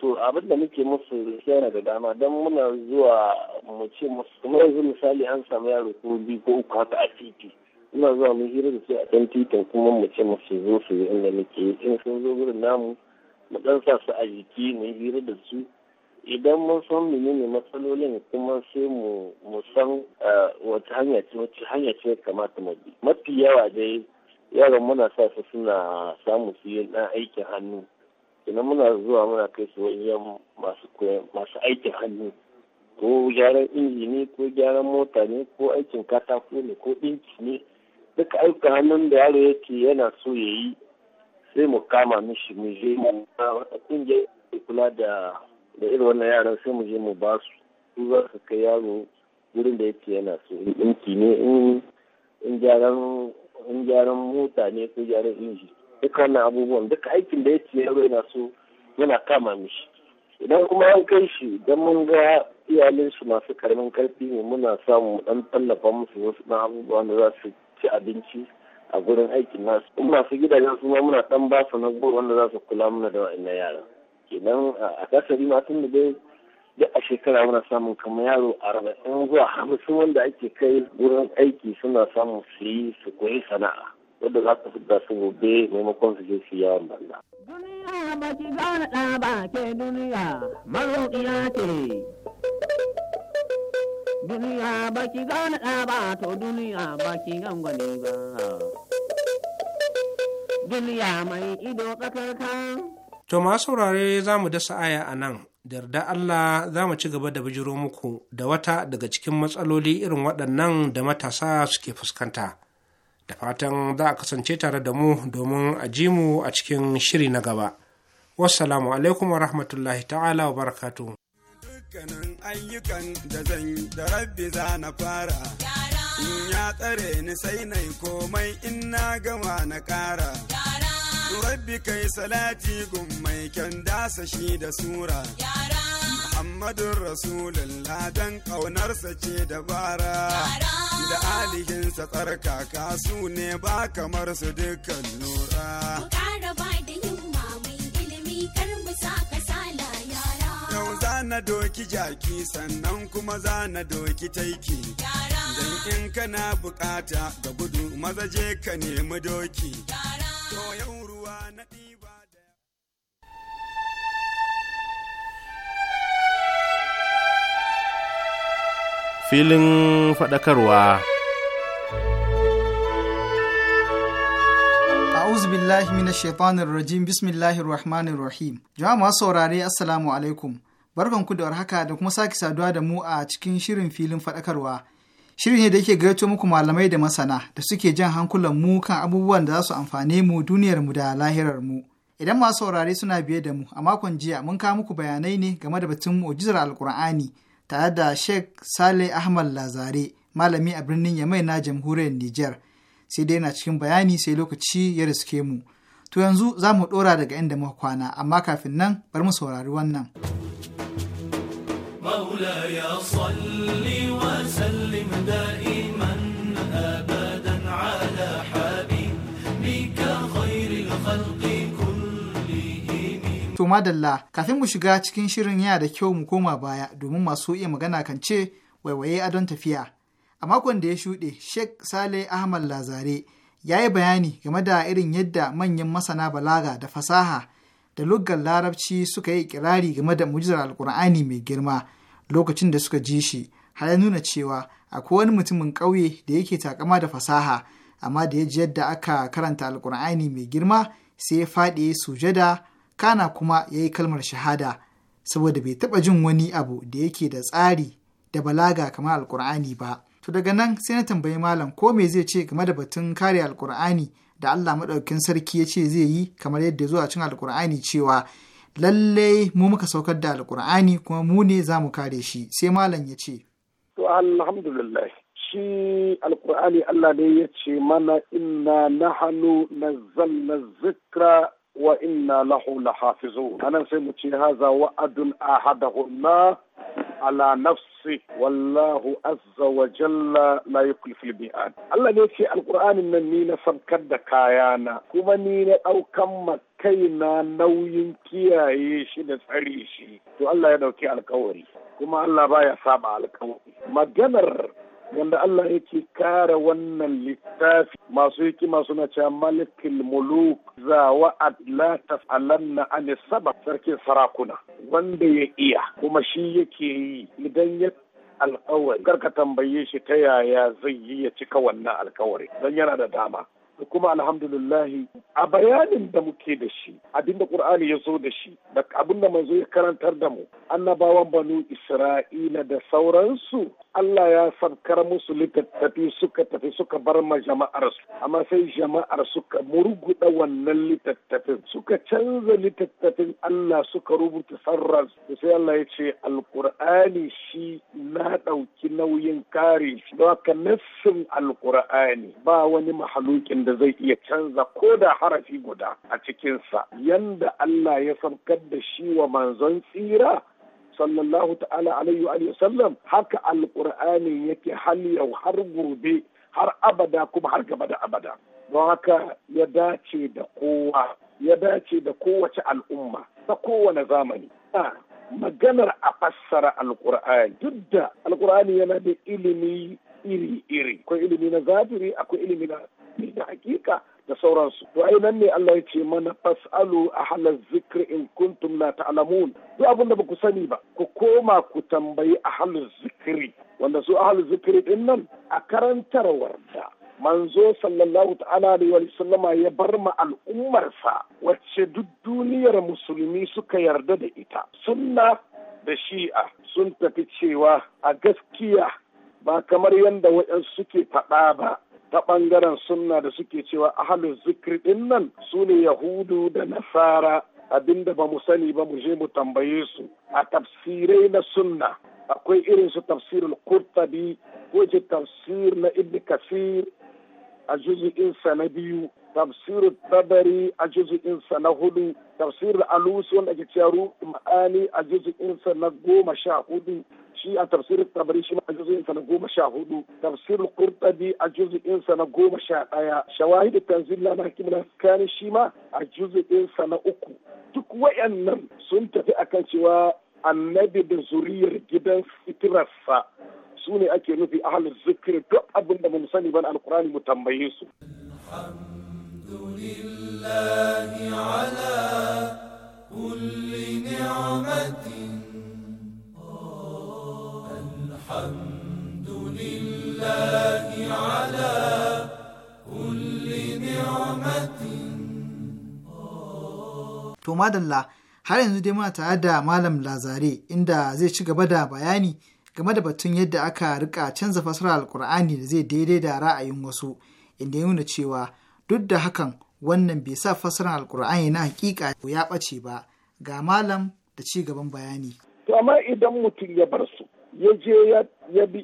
to abin da muke musu yana da dama don muna zuwa mu ce musu kuma yanzu misali an samu yaro ko biyu ko uku haka a titi muna zuwa mu hira da su a kan titin kuma mu ce musu zo su yi inda muke in sun zo gurin namu mu dan sa su a jiki mu hira da su idan mun san menene matsalolin kuma sai mu mu san eh, wata hanya ce wacce hanya ce kamata mu bi mafi yawa dai yaron muna sa su suna samu su yi dan aikin hannu idan muna zuwa muna kai su wajen masu aikin hannu ko gyaran injini ko gyaran mota ne ko aikin katako ne ko ɗinki ne duka aikin hannun da yaro yake yana so ya yi sai mu kama mishi mu je mu ƙungiyar kula da da irin wannan yaran sai mu je mu ba su su za su kai yaro wurin da yake yana so in ɗinki ne in gyaran mota ne ko gyaran inji dukkanin abubuwan duka aikin da ya yake yaro yana so yana kama mishi idan kuma an kai shi don mun ga iyalin su masu karamin karfi ne muna samu dan tallafa musu wasu dan abubuwan da za su ci abinci a gurin aikin nasu kuma masu gidajen su muna dan ba su na goro wanda za su kula muna da wa'annan yaran idan a kasari ma tun da dai duk a shekara muna samun kamar yaro arba'in zuwa hamsin wanda ake kai gurin aiki suna samun su yi su koyi sana'a yadda za su fita su gobe maimakon su je su yawon balla. Duniya ba ki gane ɗa ba ke duniya maroƙiya ce. Duniya ba ki gane ɗa ba to duniya ba ki gangwani ba. Duniya mai ido ƙasarka To ma saurare za mu dasa aya a nan, da yarda Allah za mu ci gaba da bijiro muku da wata daga cikin matsaloli irin waɗannan da matasa suke fuskanta. da fatan za a kasance tare da mu domin a ji mu a cikin shiri na gaba wassalamu alaikum wa rahmatullahi ta'ala wa barakatu dukkanin ayyukan da zan da rabbi za na fara in ya tsare ni sai na komai in na gama na ƙara rabbi kai salati gummai kyan dasa shi da sura yara Muhammadun Rasulullah dan ƙaunarsa ce dabara. Da alihinsa tsarkaka su ne ba kamar su dukkan nura. zana doki jaki sannan kuma zana doki taiki. Don in kana bukata ga gudu maza je ka nemi doki. To ruwa na ɗiba. filin faɗakarwa. A'udhu billahi minash rajim bismillahir rahmanir rahim. Jama'a masu saurare assalamu alaikum. Barkanku da warhaka da kuma sake saduwa da mu a cikin shirin filin faɗakarwa. Shirin ne da yake gaito muku malamai da masana da suke jan hankulan mu kan abubuwan da za su amfane mu duniyar mu da lahirar mu. Idan masu saurare suna biye da mu a makon jiya mun kawo muku bayanai ne game da batun mu'jizar Alkur'ani tare da Sheikh sale Ahmad Lazare, malami a birnin Yamai na jamhuriyar Nijar. Sai dai na cikin bayani sai lokaci ya riske mu. To yanzu za mu ɗora daga inda muka kwana, amma kafin nan bar mu saurari wannan. ya salli To madalla kafin mu shiga cikin shirin yana da kyau mu koma baya domin masu iya magana kan ce waiwaye a don tafiya. A makon da ya shuɗe, Sheikh Saleh Ahmad Lazare ya yi bayani game da irin yadda manyan masana balaga da fasaha da luggan larabci suka yi kirari game da mujizar alkur'ani mai girma lokacin da suka ji shi har ya nuna cewa akwai wani mutumin ƙauye da yake takama da fasaha amma da ya ji yadda aka karanta alkur'ani mai girma sai ya faɗi sujada kana kuma ya yi kalmar shahada saboda bai taɓa jin wani abu da yake da tsari da balaga kamar alkur'ani ba to daga nan sai na tambayi malam ko me zai ce game da batun kare alkur'ani da allah maɗaukin sarki ya ce zai yi kamar yadda zuwa cin alkur'ani cewa Lallai mu muka saukar da alkur'ani kuma mu ne za mu kare shi sai malam ya ce to alhamdulillah shi alkur'ani allah ne ya ce mana inna nahanu nazzalna zikra وإنا له لحافظون أنا سيمتي هذا وأد أحدهما على نفسي والله عز وجل لا يكلف البيان الله يكي القرآن من نين سبكد كايانا كما نين أو كم كينا نوين كيايش نسعريشي تو الله يدوكي على كوري كما الله بايا سابع على كوري ما جنر yanda Allah yake kare wannan littafi masu hikima suna cewa malikil muluk Zawa wa alanna an saba. sarkin sarakuna wanda ya iya kuma shi yake yi idan ya alkawari karka tambaye shi ta yaya zai yi ya cika wannan alkawari don yana da dama kuma alhamdulillahi a bayanin da muke da shi abinda qur'ani ya zo da shi da abinda manzo ya karantar da mu annabawan banu isra'ila da sauransu Allah ya sabkar musu littattafi suka tafi suka bar ma jama'ar su amma sai jama'ar suka murguda wannan littattafin suka canza littattafin Allah suka rubuta sarras da sai Allah ya ce alkur'ani shi na ɗauki nauyin kare shi don haka nassin alkur'ani ba wani mahalukin da zai iya canza ko da harafi guda a cikinsa yanda Allah ya sabkar da shi wa manzon tsira sallallahu ta'ala alaihi wa sallam haka alƙur'ani yake hal yau har gobe har abada kuma har gaba da abada don haka ya dace da kowa ya dace da kowace al'umma ta kowane zamani maganar a fassara alƙur'ani duk da alƙur'ani yana da ilimi iri-iri akwai ilimi na zafiri akwai ilimi na hakika da sauransu to ai nan ne Allah ya ce mana fasalu ahla zikri in kuntum la ta'lamun duk abin da baku sani ba ku koma ku tambayi ahla zikri wanda su ahla zikri din nan a karantar warda. manzo sallallahu ta'ala alaihi wa sallama ya bar ma al'ummarsa wacce duk duniyar musulmi suka yarda da ita sunna da shi'a sun tafi cewa a gaskiya ba kamar yadda waɗansu suke faɗa ba ta ɓangaren sunna da suke cewa ahalin zikri ɗin nan su ne yahudu da nasara abinda ba mu sani ba mu je mu tambaye su a tafsirai na sunna akwai irin su tafsirul kurtabi ko ce tafsir na ibn kasir a juzu'in na biyu tafsirul tabari a juzu'in na hudu tafsirul alusi wanda cewa ma'ani a juzu'in na goma sha hudu shi a tafsirin tabari shi ma a juzu'insa na goma sha hudu tafsirin kurtabi a juzu'insa na goma sha ɗaya shawahidu tanzil na hakim na kani shi ma a juzu'insa na uku duk wayannan sun tafi akan cewa annabi da zuriyar gidan sitirarsa su ne ake nufi ahalin zikir duk abin da mu sani ban alkurani mu tambaye su alhamdulillahi ala kulli ni'matin الحمد لله على كل نعمة To madalla har yanzu dai muna tare da Malam Lazare inda zai ci gaba da bayani game da batun yadda aka rika canza fasara Alkur'ani da zai daidai da ra'ayin wasu inda ya nuna cewa duk da hakan wannan bai sa fasarar Alkur'ani na hakika ya ɓace ba ga Malam da ci gaban bayani. To amma idan mutum ya bar su ya je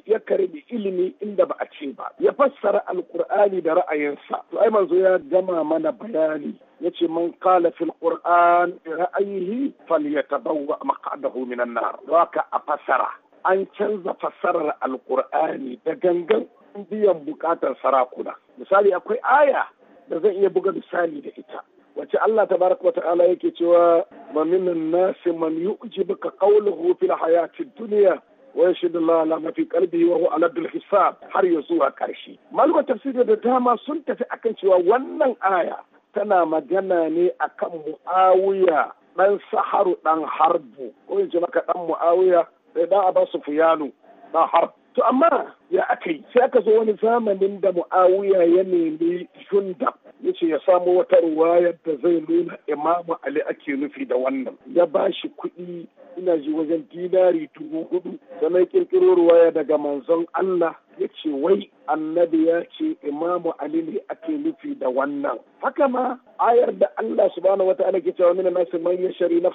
ya karbi ilimi inda ba a ce ba ya fassara alkur'ani da ra'ayinsa to ai manzo ya gama mana bayani ya ce man kala fil qur'an bi ra'ayihi falyatabawwa maq'adahu minan nar waka a fassara an canza fassarar alkur'ani da gangan biyan bukatar sarakuna misali akwai aya da zan iya buga misali da ita wace Allah tabaraka wa ta'ala yake cewa ma minan nasi man yu'jibuka qawluhu fil hayati dunya wa yashhadu Allah ala mafi qalbihi wa huwa aladul hisab har ya zuwa karshe malama tafsiri da dama sun tafi akan cewa wannan aya tana magana ne akan muawuya. ɗan Saharu ɗan Harbu ko in maka dan Muawiya sai dan Abbas Sufyanu dan Harb to amma ya aka yi sai aka zo wani zamanin da mu'awiya ya nemi jundab ya ce ya samu wata ruwayar da zai nuna imamu ali ake nufi da wannan ya ba shi kuɗi ina ji wajen dinari dubu hudu sannan kirkiro ruwaya daga manzon allah ya ce wai annabi ya ce imamu ali ne ake nufi da wannan haka ma ayar da Allah subhanahu wataala ke cewa mina nasu man shari na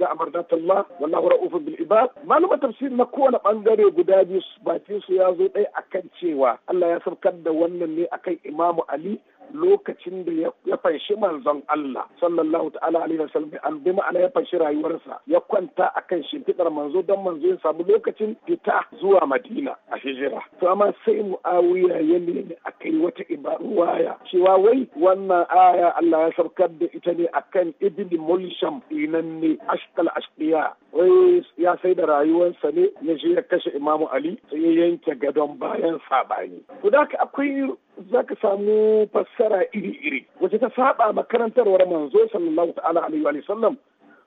ga amardatullah wallahu ra'ufun bil ibad malama tafsir na kowane bangare guda biyu bakin su ya zo dai akan cewa Allah ya saukar da wannan ne akan imamu ali lokacin da ya fanshi manzon Allah sallallahu ta'ala alaihi wasallam bi ma'ana ya fanshi rayuwarsa ya kwanta akan shimfidar manzo don manzo ya samu lokacin fita zuwa Madina a hijira to amma sai Muawiya ya nemi akai wata ibaruwaya cewa wai wannan aya Allah ya saukar da ita ne akan ibn Mulsham inanne ashqal ashqiya wai ya sai da rayuwarsa ne ya je ya kashe imamu ali sai ya yanke gadon bayan saɓani. to da akwai za ka samu fassara iri-iri wacce ta saba makarantarwar manzo sallallahu ta'ala alaihi wa sallam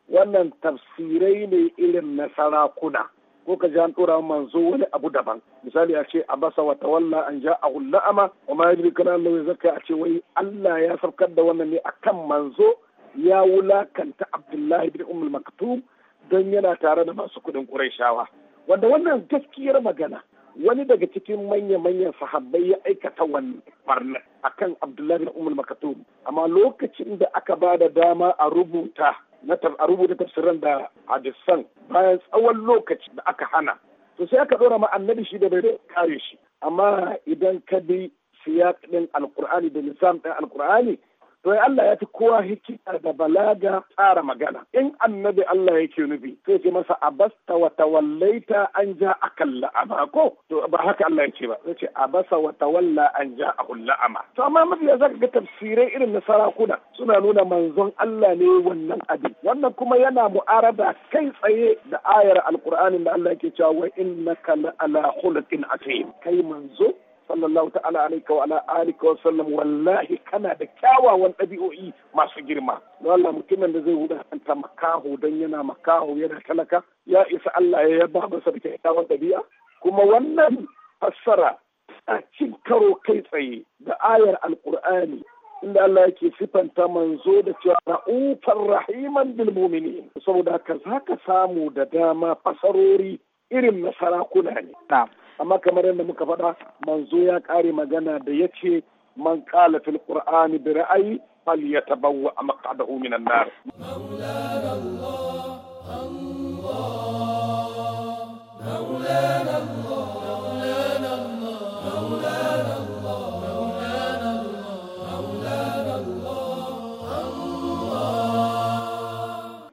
wannan tafsirai ne irin na sarakuna ko ka ji an dora manzo wani abu daban misali a ce abasa wa tawalla an ja a la'ama wa ma yadrika Allah ya zaka a ce wai Allah ya saukar da wannan ne akan manzo ya wulakanta Abdullahi bin Ummul Maktum don yana tare da masu kuɗin ƙurayshawa wanda wannan gaskiyar magana wani daga cikin manya-manyan sahabbai ya aikata wannan barna kan Abdullahi da Umar Makatum amma lokacin da aka ba da dama a rubuta na a rubuta tafsiran da hadisan bayan tsawon lokaci da aka hana to sai aka ɗora ma annabi shi da bai kare shi amma idan ka bi siyak ɗin alkur'ani da nisam ɗin alkur'ani to Allah ya fi kowa hikima da balaga tsara magana in annabi Allah yake nufi sai ce masa abasta wa tawallaita an ja akan la'ama ko to ba haka Allah yake ba sai ce abasa wa tawalla an ja akal la'ama to amma mafi ya zaka ga tafsirai irin na sarakuna suna nuna manzon Allah ne wannan abin wannan kuma yana mu'arada kai tsaye da ayar alqur'anin da Allah yake cewa wa innaka la ala khuluqin azim kai manzo sallallahu ta'ala alaika wa ala alika wa sallam wallahi kana da kyawawan ɗabi'o'i masu girma don Allah mutumin da zai wudanta makaho don yana makaho yana talaka ya isa Allah ya ba masa da kyawawan dabi'a. kuma wannan fassara a cikin karo kai tsaye da ayar alkur'ani inda Allah yake sifanta manzo da cewa ra'ufar rahiman bil mu'minin saboda haka zaka samu da dama fasarori irin na sarakuna ne amma kamar yadda muka faɗa manzo ya ƙare magana da ya ce man ƙala fil ƙur'ani bi ra'ayi fal ya tabawa minan nar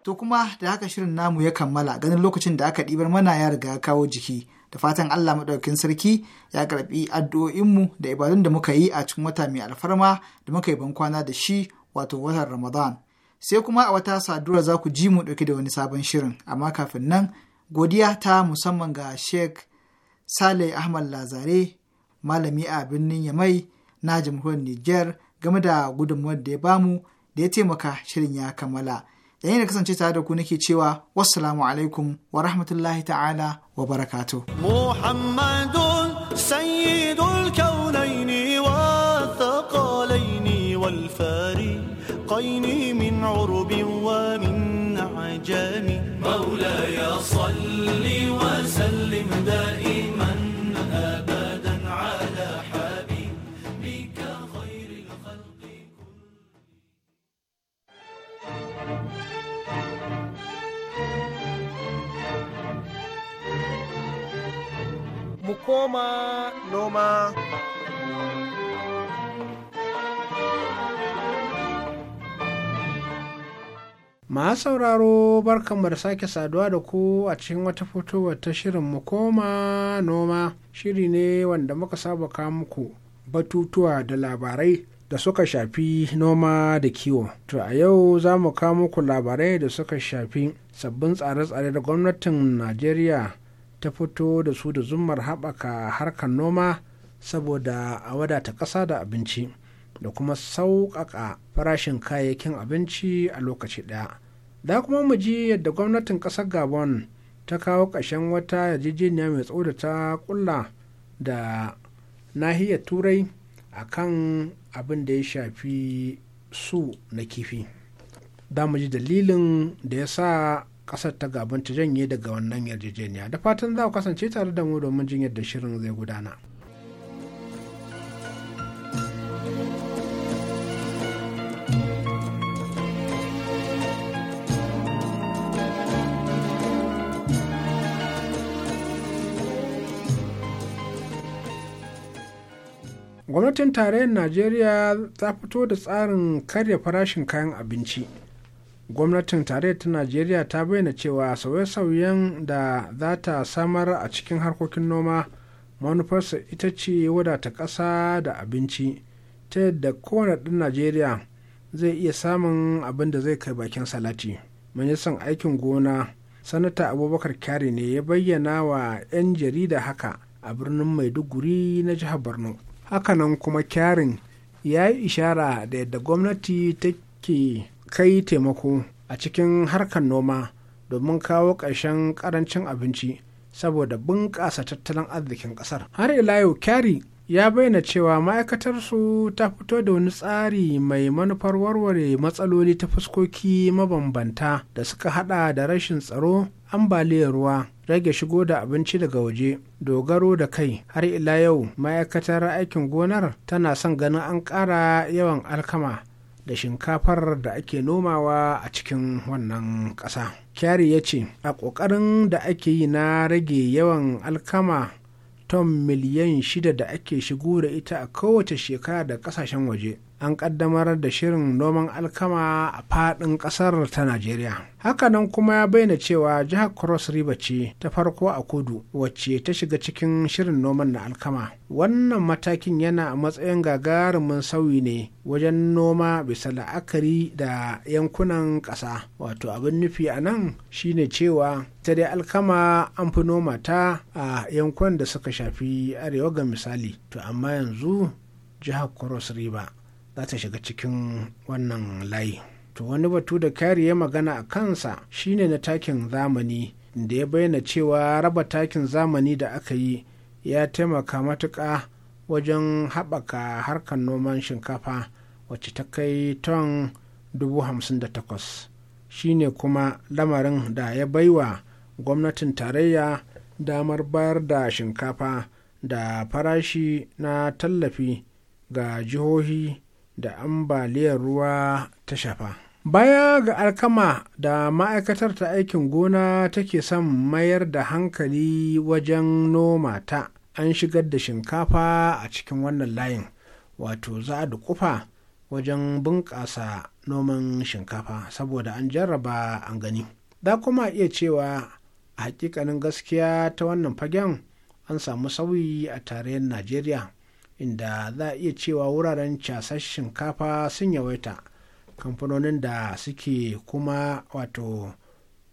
To kuma da haka shirin namu ya kammala ganin lokacin da aka ɗibar mana ya riga kawo jiki da fatan Allah maɗaukin sarki ya karɓi addu'o'inmu da ibadun da muka yi a cikin wata mai alfarma da muka yi bankwana da shi wato watan Ramadan. Sai kuma a wata sadura za ku ji mu ɗauke da wani sabon shirin, amma kafin nan godiya ta musamman ga Sheikh Saleh Ahmad Lazare, malami a birnin Yamai na jamhuriyar Nijar game da gudunmuwar da ya bamu da ya taimaka shirin ya kammala. da ne kasance tare da ku nake cewa wassalamu alaikum wa rahmatullahi ta'ala wa barakatuh koma noma. Ma sauraro barkanmu da sake saduwa da ku a cikin wata fitowa ta shirin mu koma noma shiri ne wanda muka saba kawo muku batutuwa da labarai da suka shafi noma da kiwo. To a yau za mu kawo muku labarai da suka shafi sabbin tsare-tsare da gwamnatin Najeriya ta fito da su da zumar haɓaka harkar noma saboda a wadata ƙasa da abinci da kuma sauƙaƙa farashin kayayyakin abinci a lokaci ɗaya da kuma mu ji yadda gwamnatin ƙasar gabon ta kawo ƙashen wata yarjejeniya mai tsawo ta ƙulla da nahiyar turai a kan abin da ya shafi su na kifi da mu ji dalilin da ya sa kasar ta gaban ta janye daga wannan yarjejeniya da fatan za ku kasance tare da mu domin jin yadda shirin zai gudana. gwamnatin tarayyar najeriya ta fito da tsarin karya farashin kayan abinci gwamnatin tarayyar ta najeriya ta bayyana cewa sauye-sauyen da za ta samar a cikin harkokin noma manufarsa ita ce wadata ƙasa da abinci ta yadda kowane ɗan najeriya zai iya samun abin da zai kai bakin salati ministan aikin gona sanata abubakar kyari ne ya bayyana wa 'yan jarida haka a birnin maiduguri na jihar borno hakanan kuma kyarin ya yi ishara da yadda gwamnati take kai taimako a cikin harkar noma domin kawo ƙarshen ƙarancin abinci saboda bunƙasa tattalin arzikin ƙasar. Har ila yau kyari ya bayyana cewa ma'aikatarsu ta fito da wani tsari mai manufar warware matsaloli ta fuskoki mabambanta da suka hada da rashin tsaro ambaliyar ruwa rage shigo da abinci daga waje dogaro da kai har ila yau ma'aikatar aikin gonar tana son ganin an ƙara yawan alkama da shinkafar da ake nomawa a cikin wannan ƙasa. kyari ya ce a ƙoƙarin da ake yi na rage yawan alkama ton miliyan shida da ake shigo da ita a kowace shekara da ƙasashen waje an kaddamar da shirin noman alkama a fadin kasar ta Najeriya. Hakanan kuma ya bayyana cewa jihar Cross River ce ta farko a kudu wacce ta shiga cikin shirin noman na alkama. Wannan matakin yana a matsayin gagarumin sauyi ne wajen noma bisa la'akari da yankunan ƙasa. Wato abin nufi a nan shine cewa ta dai alkama an fi noma ta a yankunan da suka shafi arewa ga misali. To amma yanzu jihar Cross River za ta shiga cikin wannan layi to wani batu da kari ya magana a kansa shine na takin zamani da ya bayyana cewa raba takin zamani da aka yi ya taimaka matuƙa wajen haɓaka harkar noman shinkafa wacce ta kai ton takwas shine kuma lamarin da ya baiwa gwamnatin tarayya damar bayar da shinkafa da farashi na tallafi ga jihohi da ambaliyar ruwa ta shafa baya ga alkama da ma'aikatar ta aikin gona take son mayar da hankali wajen noma ta an shigar da shinkafa a cikin wannan layin wato za a kufa wajen bunƙasa noman shinkafa saboda an jarraba an gani da kuma iya cewa a hakikanin gaskiya ta wannan fagen an samu sauyi a tarayyar najeriya inda za a iya cewa wuraren casar shinkafa sun yawaita kamfanonin da suke kuma wato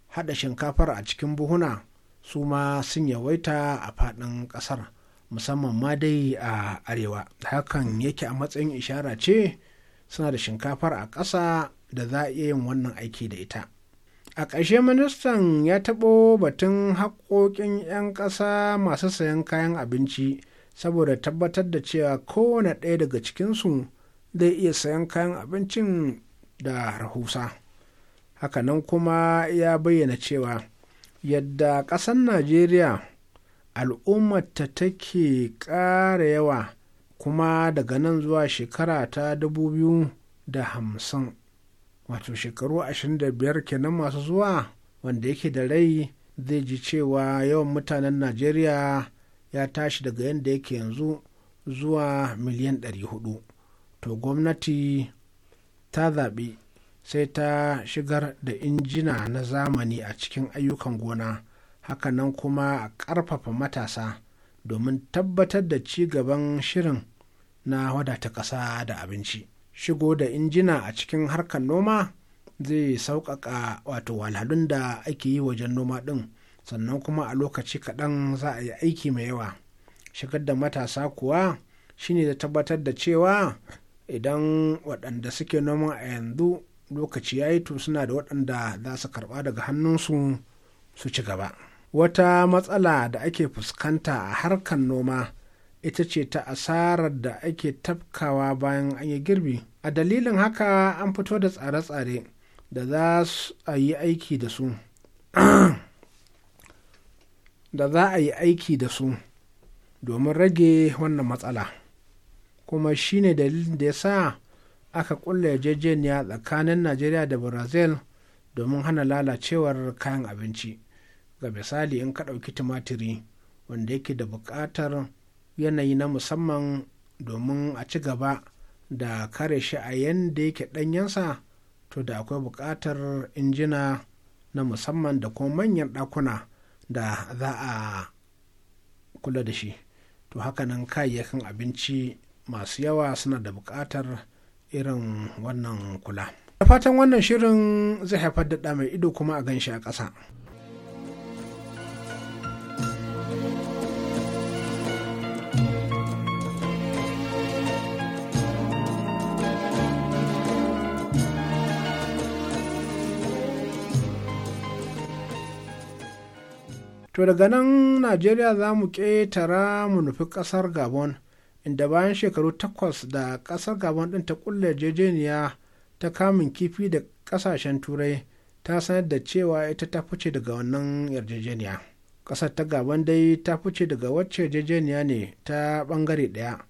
hada shinkafar a cikin buhuna su ma sun yawaita a faɗin ƙasar musamman ma dai a arewa hakan yake a matsayin ishara ce suna da shinkafar a ƙasa da za a iya yin wannan aiki da ita a ƙarshe ministan ya taɓo batun haƙoƙin 'yan ƙasa masu sayan kayan abinci saboda tabbatar da cewa kowane ɗaya daga cikinsu zai iya sayan kayan abincin da rahusa hakanan kuma ya bayyana cewa yadda ƙasar najeriya al'ummarta take ƙara yawa kuma daga nan zuwa shekara ta da hamsin wato shekaru ashirin 25 kenan masu zuwa wanda yake da rai zai ji cewa yawan mutanen najeriya ya tashi daga yadda yake yanzu zuwa miliyan 400 to gwamnati ta zaɓi sai ta shigar da injina na zamani a cikin ayyukan gona hakanan kuma a ƙarfafa matasa domin tabbatar da ci gaban shirin na wadata ƙasa da abinci shigo da injina a cikin harkar noma zai sauƙaƙa wato walhalun da ake yi wajen noma ɗin sannan kuma a lokaci kaɗan za a yi aiki mai yawa shigar da matasa kuwa shine da tabbatar da cewa idan waɗanda suke noma a yanzu lokaci ya yi to suna da waɗanda za su karɓa daga hannunsu su ci gaba wata matsala da ake fuskanta a harkar noma ita ce ta asarar da ake tafkawa bayan an yi girbi a dalilin haka an fito da tsare-tsare da za su yi aiki da su da za a yi aiki da su domin rage wannan matsala kuma shine dalilin da ya sa aka kulle yarjejeniya tsakanin najeriya da brazil domin hana lalacewar kayan abinci ga misali in ka ɗauki tumatiri wanda yake da bukatar yanayi na musamman domin a ci gaba da kare shi a yadda yake ɗanyensa to da akwai buƙatar injina na musamman da kuma manyan ɗakuna da za a kula da shi to hakanan kayayyakin abinci masu yawa suna da bukatar irin wannan kula da fatan wannan shirin zai haifar da mai ido kuma a ganshi a ƙasa to daga nan najeriya za mu ƙetara mu nufi ƙasar gabon inda bayan shekaru takwas da ƙasar gabon ɗin ta ƙulla yarjejeniya ta kamun kifi da ƙasashen turai ta sanar da cewa ita ta fice daga wannan yarjejeniya ƙasar ta gaban dai ta fice daga wacce yarjejeniya ne ta ɓangare ɗaya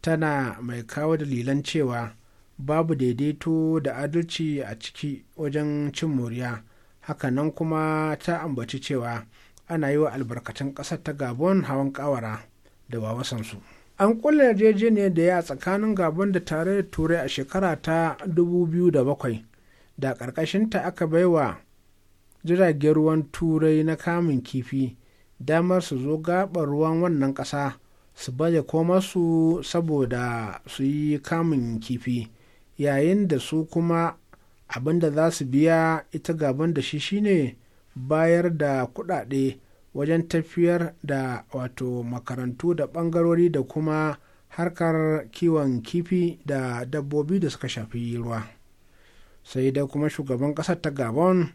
tana mai kawo dalilan cewa babu daidaito da adalci a ciki wajen cin moriya hakanan kuma ta ambaci cewa ana yi wa albarkatun ƙasar ta gabon hawan ƙawara da wawasansu an kulle yarjejeniyar da ya tsakanin gabon da tare da turai a shekara ta 2007 da ta aka baiwa jiragen ruwan turai na kamun kifi damar su zo gaɓar ruwan wannan ƙasa su baje komarsu saboda su yi kamun kifi yayin da su kuma abin da za su biya ita gaban da shi shine bayar da kuɗaɗe wajen tafiyar da wato makarantu da ɓangarori da kuma harkar kiwon kifi da dabbobi da suka shafi ruwa sai da kuma shugaban ƙasar ta gabon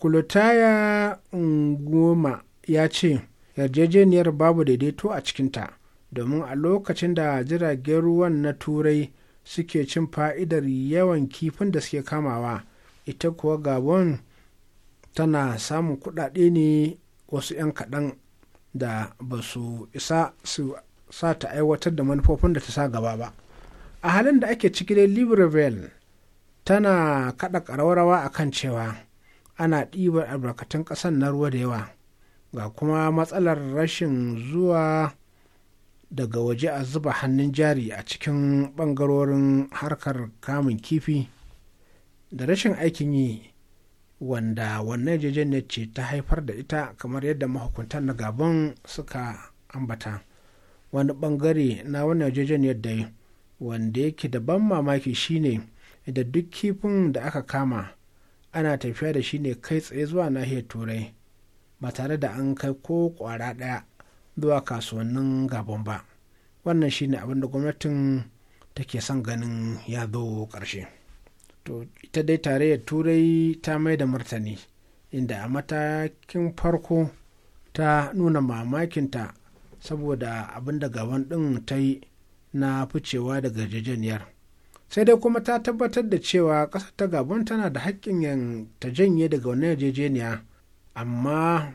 kulutaya ngoma ya ce yarjejeniyar babu daidaito a cikinta domin a lokacin da jiragen ruwan na turai suke cin fa'idar yawan kifin da suke kamawa ita kuwa gabon tana samun kuɗaɗe ne wasu 'yan kaɗan da ba su isa su sa ta aiwatar da manufofin da ta sa gaba ba a halin da ake ciki dai libreville tana kaɗa ƙararrawa a kan cewa ana ɗibar albarkatun ƙasan na ruwa da yawa ga kuma matsalar rashin zuwa daga waje a zuba hannun jari a cikin ɓangarorin harkar kamun kifi da rashin aikin yi wanda wannan yarjejeniyar ce ta haifar da ita kamar yadda mahukuntan na gabon suka ambata wani bangare na wannan yarjejeniyar da wanda yake da ban mamaki shine da duk kifin da aka kama ana tafiya da shi ne kai tsaye zuwa nahiyar turai ba tare da an kai ko kwara daya zuwa kasuwannin gabon ba wannan shine abin da gwamnatin take son ganin ya zo ƙarshe. to ita dai tarayyar turai ta mai da martani inda a matakin farko ta nuna mamakinta saboda abin da gaban ɗin ta yi na ficewa daga yarjejeniyar sai dai kuma ta tabbatar da cewa ƙasar ta gaban tana da haƙƙin ta janye daga wani yarjejeniya amma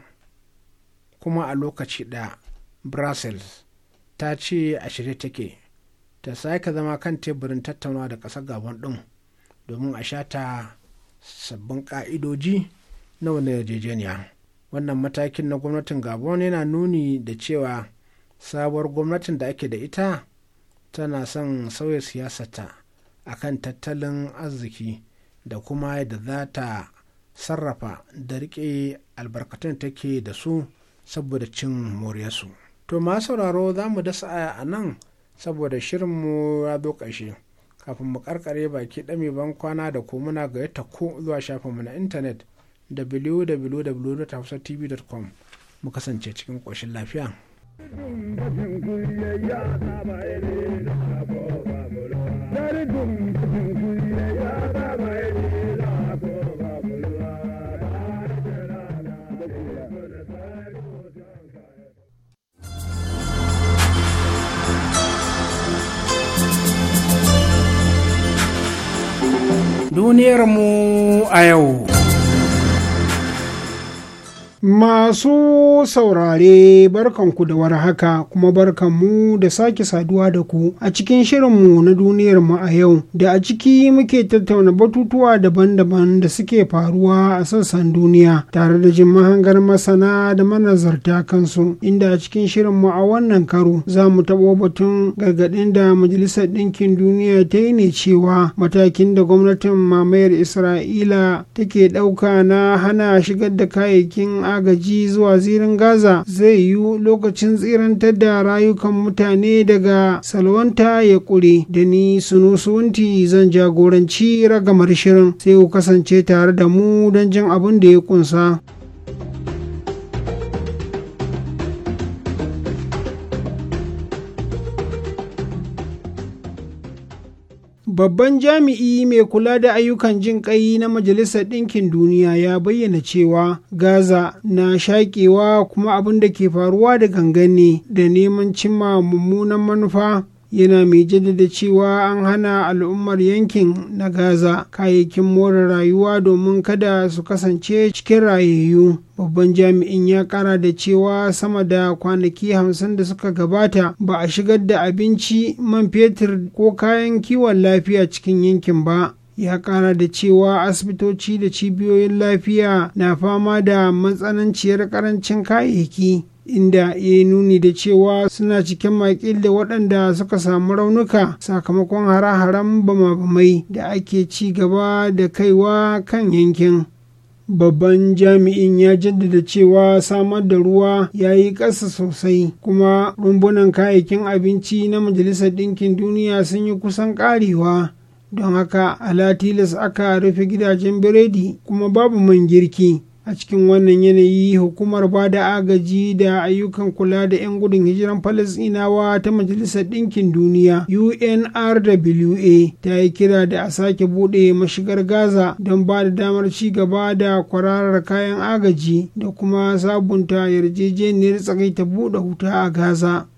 kuma a lokaci da brussels ta ce a shirye take ta sake zama kan teburin tattaunawa da ƙasar gabon ɗin domin a shata sabbin ka'idoji na wani yarjejeniya wannan matakin na gwamnatin gabon yana nuni da cewa sabuwar gwamnatin da ake da ita tana son sauya siyasata a kan tattalin arziki da kuma yadda za ta sarrafa da rike albarkatun take da su saboda cin moriyarsu to ma sauraro za mu dasa a nan saboda shirinmu ya zo ƙarshe. kafin mu karkare baki dami ban kwana da ko muna ga yadda ko zuwa shafin mu na intanet www.hausatv.com mu kasance cikin koshin lafiya. Dari dum duniyarmu a yau. Masu saurare barkanku da war haka kuma barkanmu da sake saduwa da ku a cikin shirinmu na duniyar mu a yau da a ciki muke tattauna batutuwa daban-daban da suke faruwa a sassan duniya tare da jin mahangar masana da manazarta kansu inda a cikin shirinmu a wannan karo za mu taɓo batun gargaɗin da majalisar ɗinkin duniya ta yi ne cewa matakin da gwamnatin mamayar isra'ila take ɗauka na hana shigar da kayayyakin agaji zuwa zirin gaza zai yiwu lokacin tsirantar da rayukan mutane daga salwanta ya kure da ni sunusunti zan jagoranci ragamar shirin sai ku kasance tare da mu don jin abin da ya kunsa. Babban jami'i mai kula da ayyukan jin ƙai na Majalisar Ɗinkin Duniya ya bayyana cewa Gaza na shaƙewa kuma abin da ke faruwa da gangan ne da neman cimma mummunan manufa yana mai jaddada cewa an hana al'ummar yankin na gaza kayayyakin more rayuwa domin kada su kasance cikin rayayyu babban jami'in ya kara da cewa sama da kwanaki hamsin da suka gabata ba a shigar da abinci man fetur ko kayan kiwon lafiya cikin yankin ba ya kara da cewa asibitoci da cibiyoyin lafiya na fama da matsananciyar karancin kayayyaki inda ya nuni da cewa suna cikin makil da waɗanda suka samu raunuka sakamakon hare-haren bama-bamai da ake ci gaba da kaiwa kan yankin babban jami'in ya jaddada cewa samar da ruwa ya yi ƙasa sosai kuma rumbunan kayayyakin abinci na majalisar ɗinkin duniya sun yi kusan ƙarewa don haka ala tilas aka rufe gidajen biredi kuma babu man girki a cikin wannan yanayi hukumar ba da agaji da ayyukan kula da 'yan gudun hijiran falasinawa ta majalisar ɗinkin duniya unrwa ta yi kira da a sake buɗe mashigar gaza don ba da damar ci gaba da kwararar kayan agaji da kuma sabunta yarjejeniyar tsakaita buɗe wuta a gaza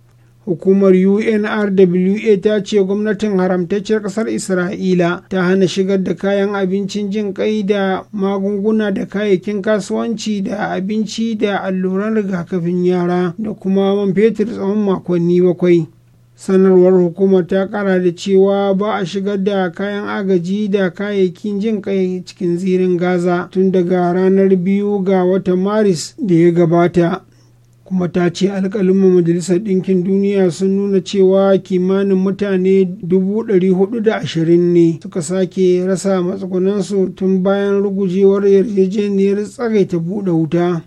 hukumar unrwa ta ce gwamnatin haramtacciyar ƙasar isra'ila ta hana shigar da kayan abincin jin kai da magunguna da kayayyakin kasuwanci da abinci da alluran rigakafin yara da kuma man fetur tsawon makonni bakwai sanarwar hukumar ta kara da cewa ba a shigar da kayan agaji da kayayyakin jin kai cikin zirin gaza tun daga ranar biyu ga watan maris da ya gabata kuma ta ce alƙalin majalisar ɗinkin duniya sun nuna cewa kimanin mutane 420 ne suka sake rasa matsugunansu tun bayan rugujewar yarjejeniyar tsagaita buɗe wuta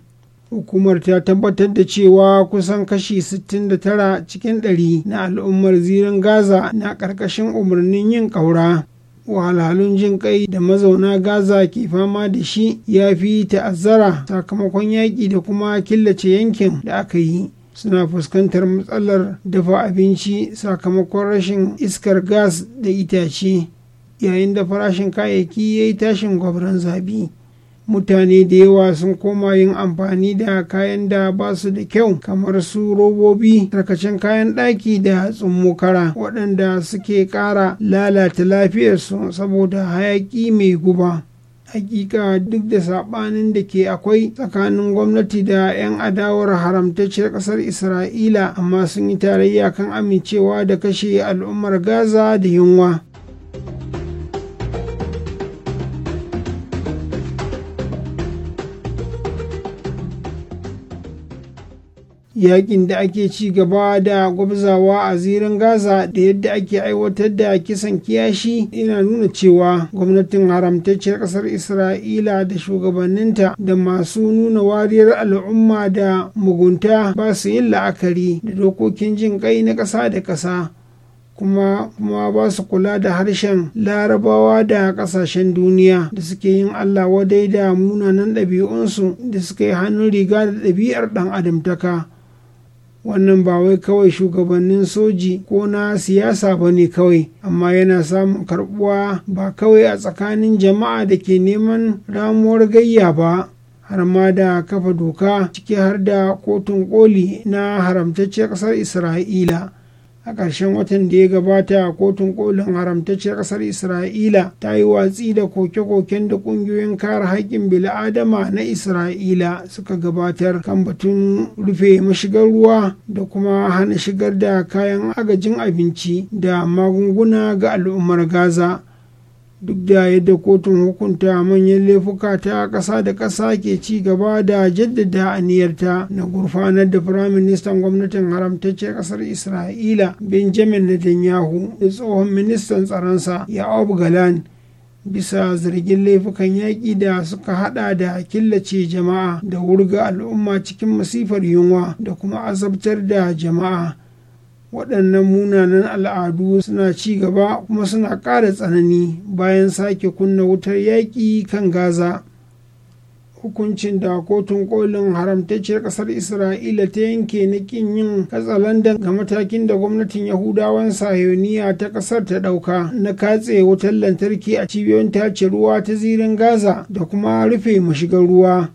hukumar ta tabbatar da cewa kusan kashi 69 cikin 100 na al'ummar zirin gaza na ƙarƙashin umarnin yin ƙaura wahalhalun jin kai da mazauna gaza ke fama da shi ya fi ta'azzara sakamakon yaƙi da kuma killace yankin da aka yi suna fuskantar matsalar dafa abinci sakamakon rashin iskar gas da itace yayin da farashin kayayyaki ya yi tashin gwabran zabi. mutane da yawa sun koma yin amfani da kayan da ba su da kyau kamar su robobi tarkacen kayan ɗaki da tsummokara waɗanda suke ƙara lalata lafiyarsu saboda hayaƙi mai guba hakika duk da saɓanin da ke akwai tsakanin gwamnati da 'yan adawar haramtacciyar ƙasar isra'ila amma sun yi tarayya kan amincewa da kashe al'ummar gaza da yunwa yakin da ake ci gaba da gwabzawa a zirin gaza da yadda ake aiwatar da kisan kiyashi yana nuna cewa gwamnatin haramtacciyar kasar isra'ila da shugabanninta da masu nuna wariyar al'umma da mugunta ba su yin la'akari da dokokin jin kai na ƙasa da ƙasa kuma kuma ba su kula da harshen larabawa da kasashen duniya da suke yin allah wadai da munanan ɗabi'unsu da suka yi hannun riga da ɗabi'ar ɗan adamtaka wannan ba wai kawai shugabannin soji ko na siyasa ba ne kawai amma yana samun karbuwa ba kawai a tsakanin jama'a da ke neman ramuwar gayya ba har ma da kafa doka ciki har da kotun koli na haramtacciyar ƙasar isra'ila a ƙarshen watan da ya gabata kotun kolin haramtacciyar ƙasar isra'ila ta yi watsi da koke-koken da ƙungiyoyin kare haƙƙin bil'adama na isra'ila suka gabatar kan batun rufe mashigar ruwa da kuma hana shigar da kayan agajin abinci da magunguna ga al'ummar gaza duk da yadda kotun hukunta manyan laifuka ta ƙasa da ƙasa ke ci gaba da jaddada aniyarta na gurfanar da firaministan gwamnatin haramtaccen ƙasar isra'ila benjamin netanyahu da tsohon ministan tsaronsa ya'ob galan bisa zargin laifukan yaƙi da suka haɗa da killace jama'a da wurga al'umma cikin masifar yunwa da kuma azabtar da jama'a waɗannan munanan al'adu suna ci gaba kuma suna ƙara tsanani bayan sake kunna wutar yaƙi kan gaza hukuncin da kotun kolin haramtacciyar ƙasar isra'ila ta yanke na ƙin yin katsalandan ga matakin da gwamnatin yahudawan sahiyoniya ta ƙasar ta ɗauka na katse wutar lantarki a cibiyoyin tace ruwa ta zirin gaza da kuma rufe mashigar ruwa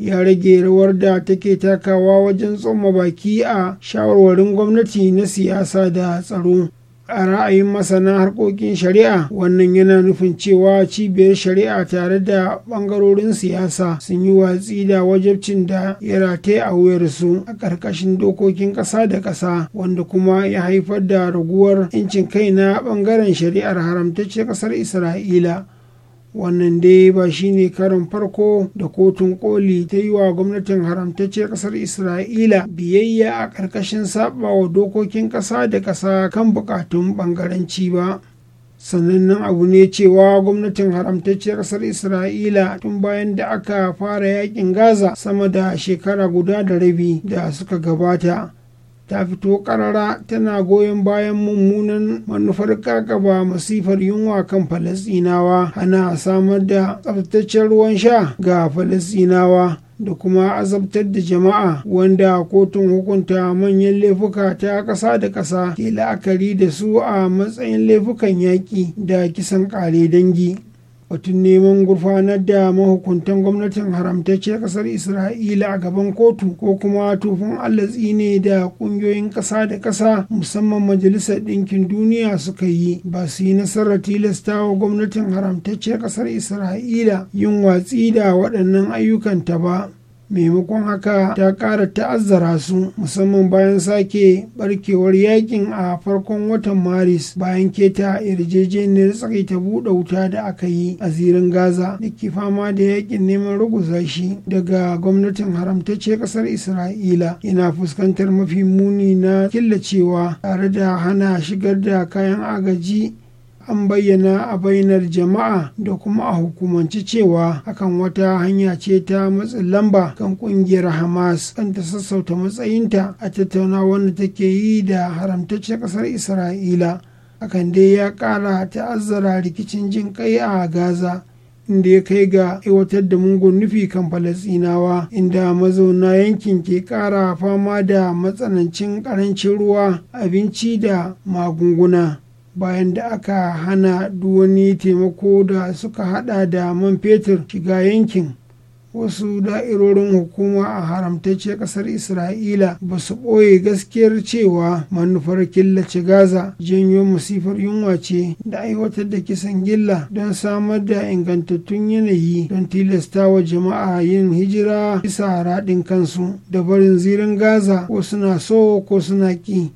ya rage rawar da take takawa wajen tsoma baki a shawarwarin gwamnati na siyasa da tsaro a ra'ayin masana harkokin shari'a wannan yana nufin cewa cibiyar shari'a tare da bangarorin siyasa sun yi watsi da wajabcin da ya rataye a wuyarsu a ƙarƙashin dokokin ƙasa da ƙasa wanda kuma ya haifar da raguwar 'yancin kai na bangaren shari'ar haramtacciyar ƙasar isra'ila wannan dai ba shine karin farko da kotun koli ta yi wa gwamnatin haramtacciyar kasar isra'ila biyayya a ƙarƙashin saɓawa dokokin ƙasa da ƙasa kan buƙatun ɓangaranci ba sanannen abu ne cewa gwamnatin haramtacciyar ƙasar isra'ila tun bayan da aka fara yakin gaza sama da shekara guda da rabi da suka gabata ta fito karara tana goyon bayan mummunan manufar kakaba masifar yunwa kan falasinawa ana samar da tsabtaccen ruwan sha ga falasinawa da kuma azabtar da jama'a wanda kotun hukunta manyan laifuka ta ƙasa da ƙasa ke la'akari da su a matsayin laifukan yaƙi da kisan ƙare dangi batun neman gurfanar da mahukuntan gwamnatin haramtacciyar ƙasar isra'ila a gaban kotu ko kuma tufin allatsi ne da ƙungiyoyin ƙasa da ƙasa musamman majalisar ɗinkin duniya suka yi ba su yi nasarar tilasta wa gwamnatin haramtacciyar ƙasar isra'ila yin watsi da waɗannan ayyukanta ba maimakon haka ta ƙara ta'azzara su musamman bayan sake barkewar yakin a farkon watan maris bayan keta yarjejeniyar ta buɗe wuta da aka yi a zirin gaza da ke fama da yakin neman ruguza shi daga gwamnatin haramtacce ƙasar isra'ila yana fuskantar mafi muni na killacewa tare da hana shigar da kayan agaji an bayyana a bainar jama'a da kuma a hukumance cewa hakan wata hanya ce ta matsin lamba kan kungiyar hamas kan ta sassauta matsayinta a tattauna wanda take yi da haramtaccen kasar isra'ila hakan dai ya kara ta'azzara rikicin jin kai a gaza inda ya kai ga aiwatar da mugun nufi kan falasinawa inda mazauna yankin ke kara fama da matsanancin karancin ruwa abinci da magunguna bayan da aka hana duwani taimako da suka hada da man fetur shiga yankin wasu da'irorin hukuma a haramtacce kasar isra'ila ba su ɓoye gaskiyar cewa manufar killace gaza janyo masifar yunwa ce da aiwatar da kisan gilla don samar da ingantattun yanayi don tilasta wa jama'a yin hijira bisa raɗin kansu da barin zirin gaza ko suna so ko suna ki.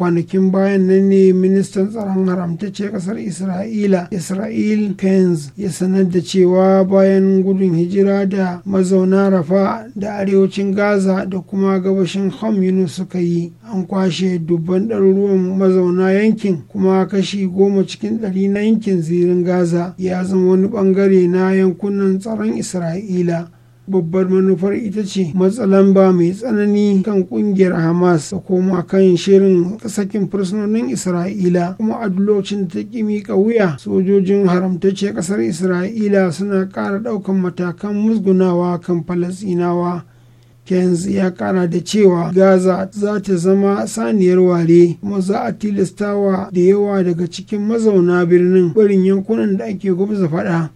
kwanakin bayan nan ne ministan tsaron haramtacce kasar isra'ila isra'il kenz ya sanar da cewa bayan gudun hijira da mazauna rafa da arewacin gaza da kuma gabashin ham yunus suka yi an kwashe dubban ɗaruruwan mazauna yankin kuma kashi goma cikin ɗari na yankin zirin gaza ya zama wani ɓangare na yankunan tsaron isra'ila babbar manufar ita ce ba mai tsanani kan kungiyar hamas da koma kan shirin sakin fursunonin isra'ila kuma a lokacin ta kimika miƙa wuya sojojin haramtacce ƙasar isra'ila suna ƙara ɗaukan matakan musgunawa kan falasinawa kenz ya kara da cewa Gaza za ta zama saniyar ware kuma za a tilastawa da yawa daga cikin mazauna birnin barin yankunan da ake gwamza faɗa.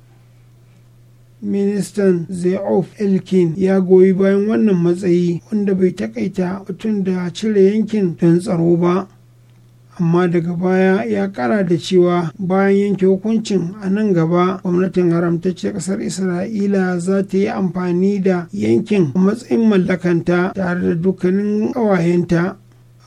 ministan zaof elkin ya goyi bayan wannan matsayi wanda bai takaita mutum da cire yankin don tsaro ba amma daga baya ya kara da cewa bayan yanke hukuncin a nan gaba gwamnatin haramtacce kasar isra'ila za ta yi amfani da yankin a matsayin mallakanta tare da dukkanin ƙawayenta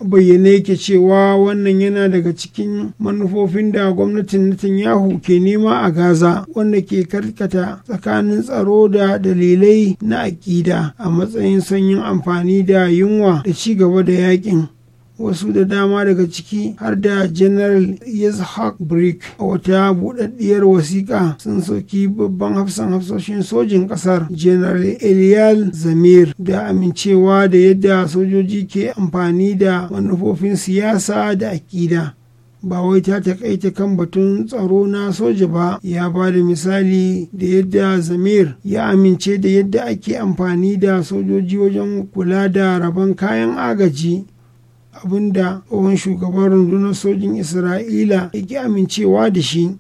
bayyane yake cewa wannan yana daga cikin manufofin da gwamnatin Netanyahu ke nema a Gaza wanda ke karkata tsakanin tsaro da dalilai na aƙida a matsayin sanyin amfani da yunwa da ci gaba da yakin wasu da dama daga ciki har da general yitzhak brick a wata buɗaɗɗiyar wasiƙa sun soki babban hafsan hafsoshin sojin ƙasar general eliyal zamir da amincewa da yadda sojoji ke amfani da manufofin siyasa da aƙida ba wai ta takaita kan batun tsaro na soja ba ya ba da misali da yadda zamir ya amince da yadda ake amfani da sojoji wajen kula da rabon kayan agaji abinda tsohon shugaban rundunar sojin isra'ila ya ki amincewa da shi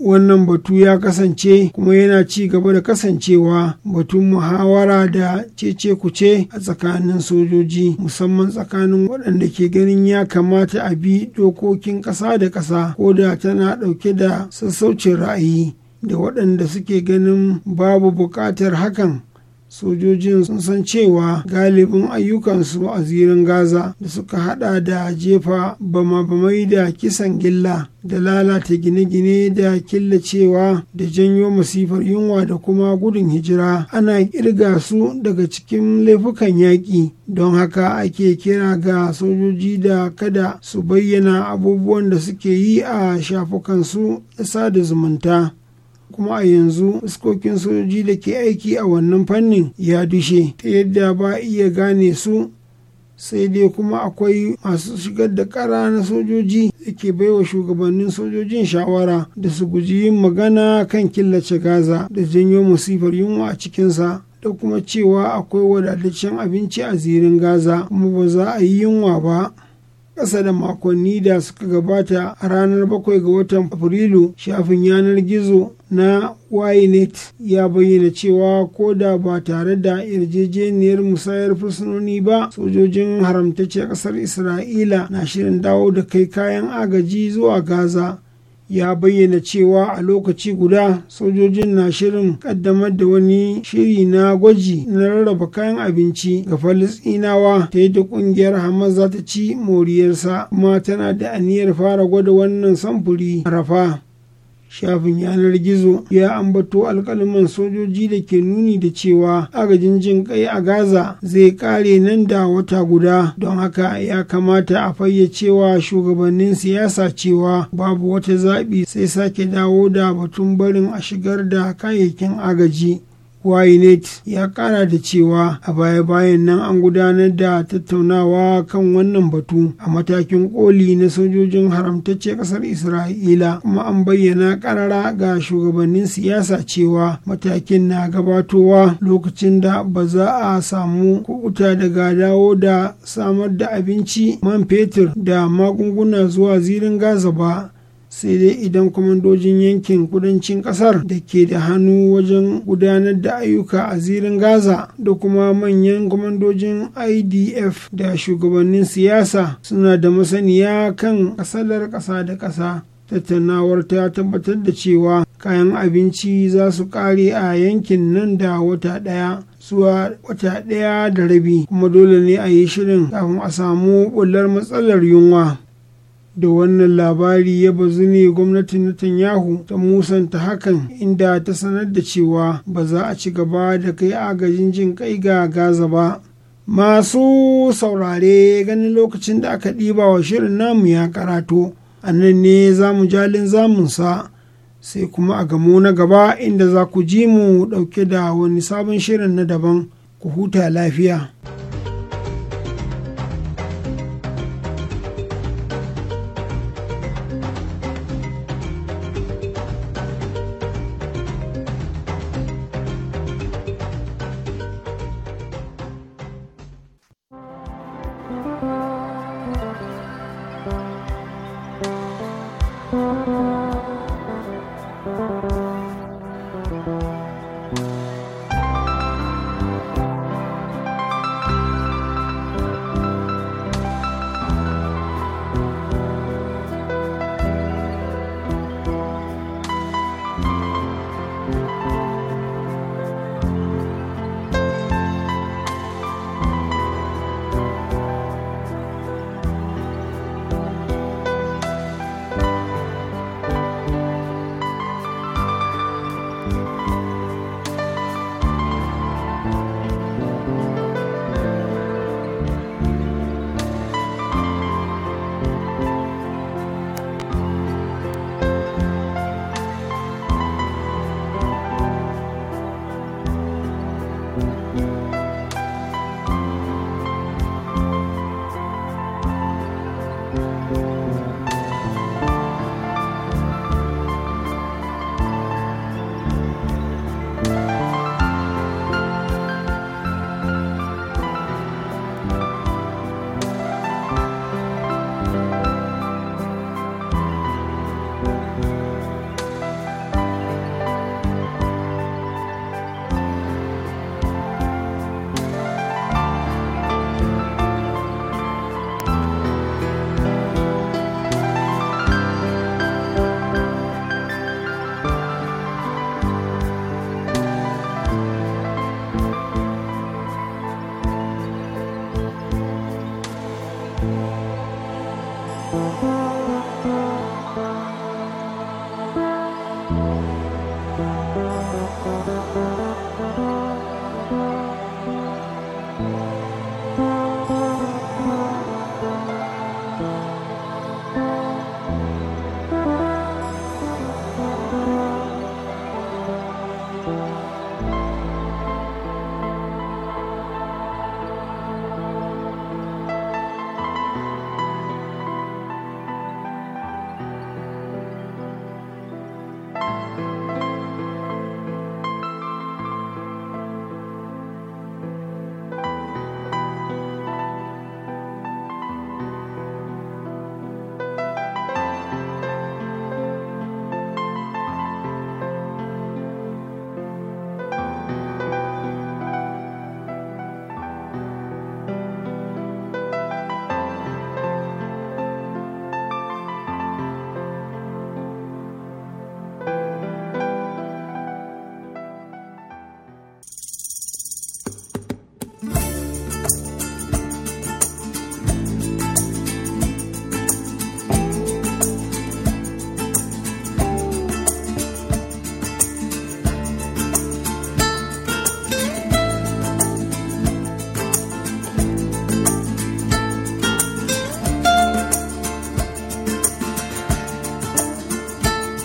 wannan batu ya kasance kuma yana ci gaba da kasancewa batun muhawara da cece kuce a tsakanin sojoji musamman tsakanin waɗanda ke ganin ya kamata a bi dokokin ƙasa da ƙasa ko da tana ɗauke da sassaucin ra'ayi da waɗanda suke ganin babu buƙatar hakan sojojin sun san cewa galibin ayyukansu a zirin gaza da suka hada da jefa bama-bamai da kisan gilla da lalata gine-gine da killacewa da janyo masifar yunwa da kuma gudun hijira ana kirga su daga cikin laifukan yaƙi don haka ake kira ga sojoji da kada su bayyana abubuwan da suke yi a shafukansu sada zumunta kuma a yanzu fuskokin sojoji da ke aiki a wannan fannin ya dushe ta yadda ba iya gane su sai dai kuma akwai masu shigar da kara na sojoji da ke baiwa shugabannin sojojin shawara da su guji yin magana kan killace gaza da janyo musifar yunwa a cikinsa da kuma cewa akwai wadataccen abinci a zirin gaza kuma ba za a yi yunwa ba ƙasa da makonni da suka gabata a ranar bakwai ga watan afrilu shafin yanar gizo na ynet ya bayyana cewa ko da ba tare da yarjejeniyar musayar fursunoni ba sojojin haramtacce ƙasar isra'ila na shirin dawo da kai kayan agaji zuwa gaza ya bayyana cewa a lokaci guda sojojin na shirin kaddamar da wani shiri na gwaji na rarraba kayan abinci ga falisdinawa ta da kungiyar hamas za ta ci moriyarsa kuma tana da aniyar fara gwada wannan samfuri rafa shafin yanar gizo ya ambato alkaliman sojoji da ke nuni da cewa agajin jin kai a gaza zai kare nan da wata guda don haka ya kamata a fayyacewa shugabannin siyasa cewa babu wata zaɓi sai sake dawo da batun barin a shigar da kayayyakin agaji wainet ya kara da cewa a baya-bayan nan an gudanar da tattaunawa kan wannan batu a matakin koli na sojojin haramtacce kasar Isra'ila kuma an bayyana karara ga shugabannin siyasa cewa matakin na gabatowa lokacin da ba za a samu kukuta daga dawo da samar da abinci man fetur da magunguna zuwa zirin Gaza ba. sai dai idan kwamandojin yankin kudancin kasar da ke da hannu wajen gudanar da ayyuka a zirin gaza da kuma manyan kwamandojin idf da shugabannin siyasa suna da masaniya kan kasalar kasa da kasa tattaunawar ta tabbatar da cewa kayan abinci za su kare a yankin nan da wata ɗaya zuwa wata ɗaya da rabi kuma dole ne a yi shirin kafin a samu bullar matsalar yunwa da wannan labari ya bazu ne gwamnatin Netanyahu ta musanta hakan inda ta sanar da cewa ba za a ci gaba da kai agajin jin kai ga Gaza ba. Masu saurare ganin lokacin da aka ɗiba wa shirin namu ya karatu a nan ne za mu jalin zamunsa sai kuma a gamo na gaba inda za ku ji mu ɗauke da wani sabon shirin na daban ku huta lafiya.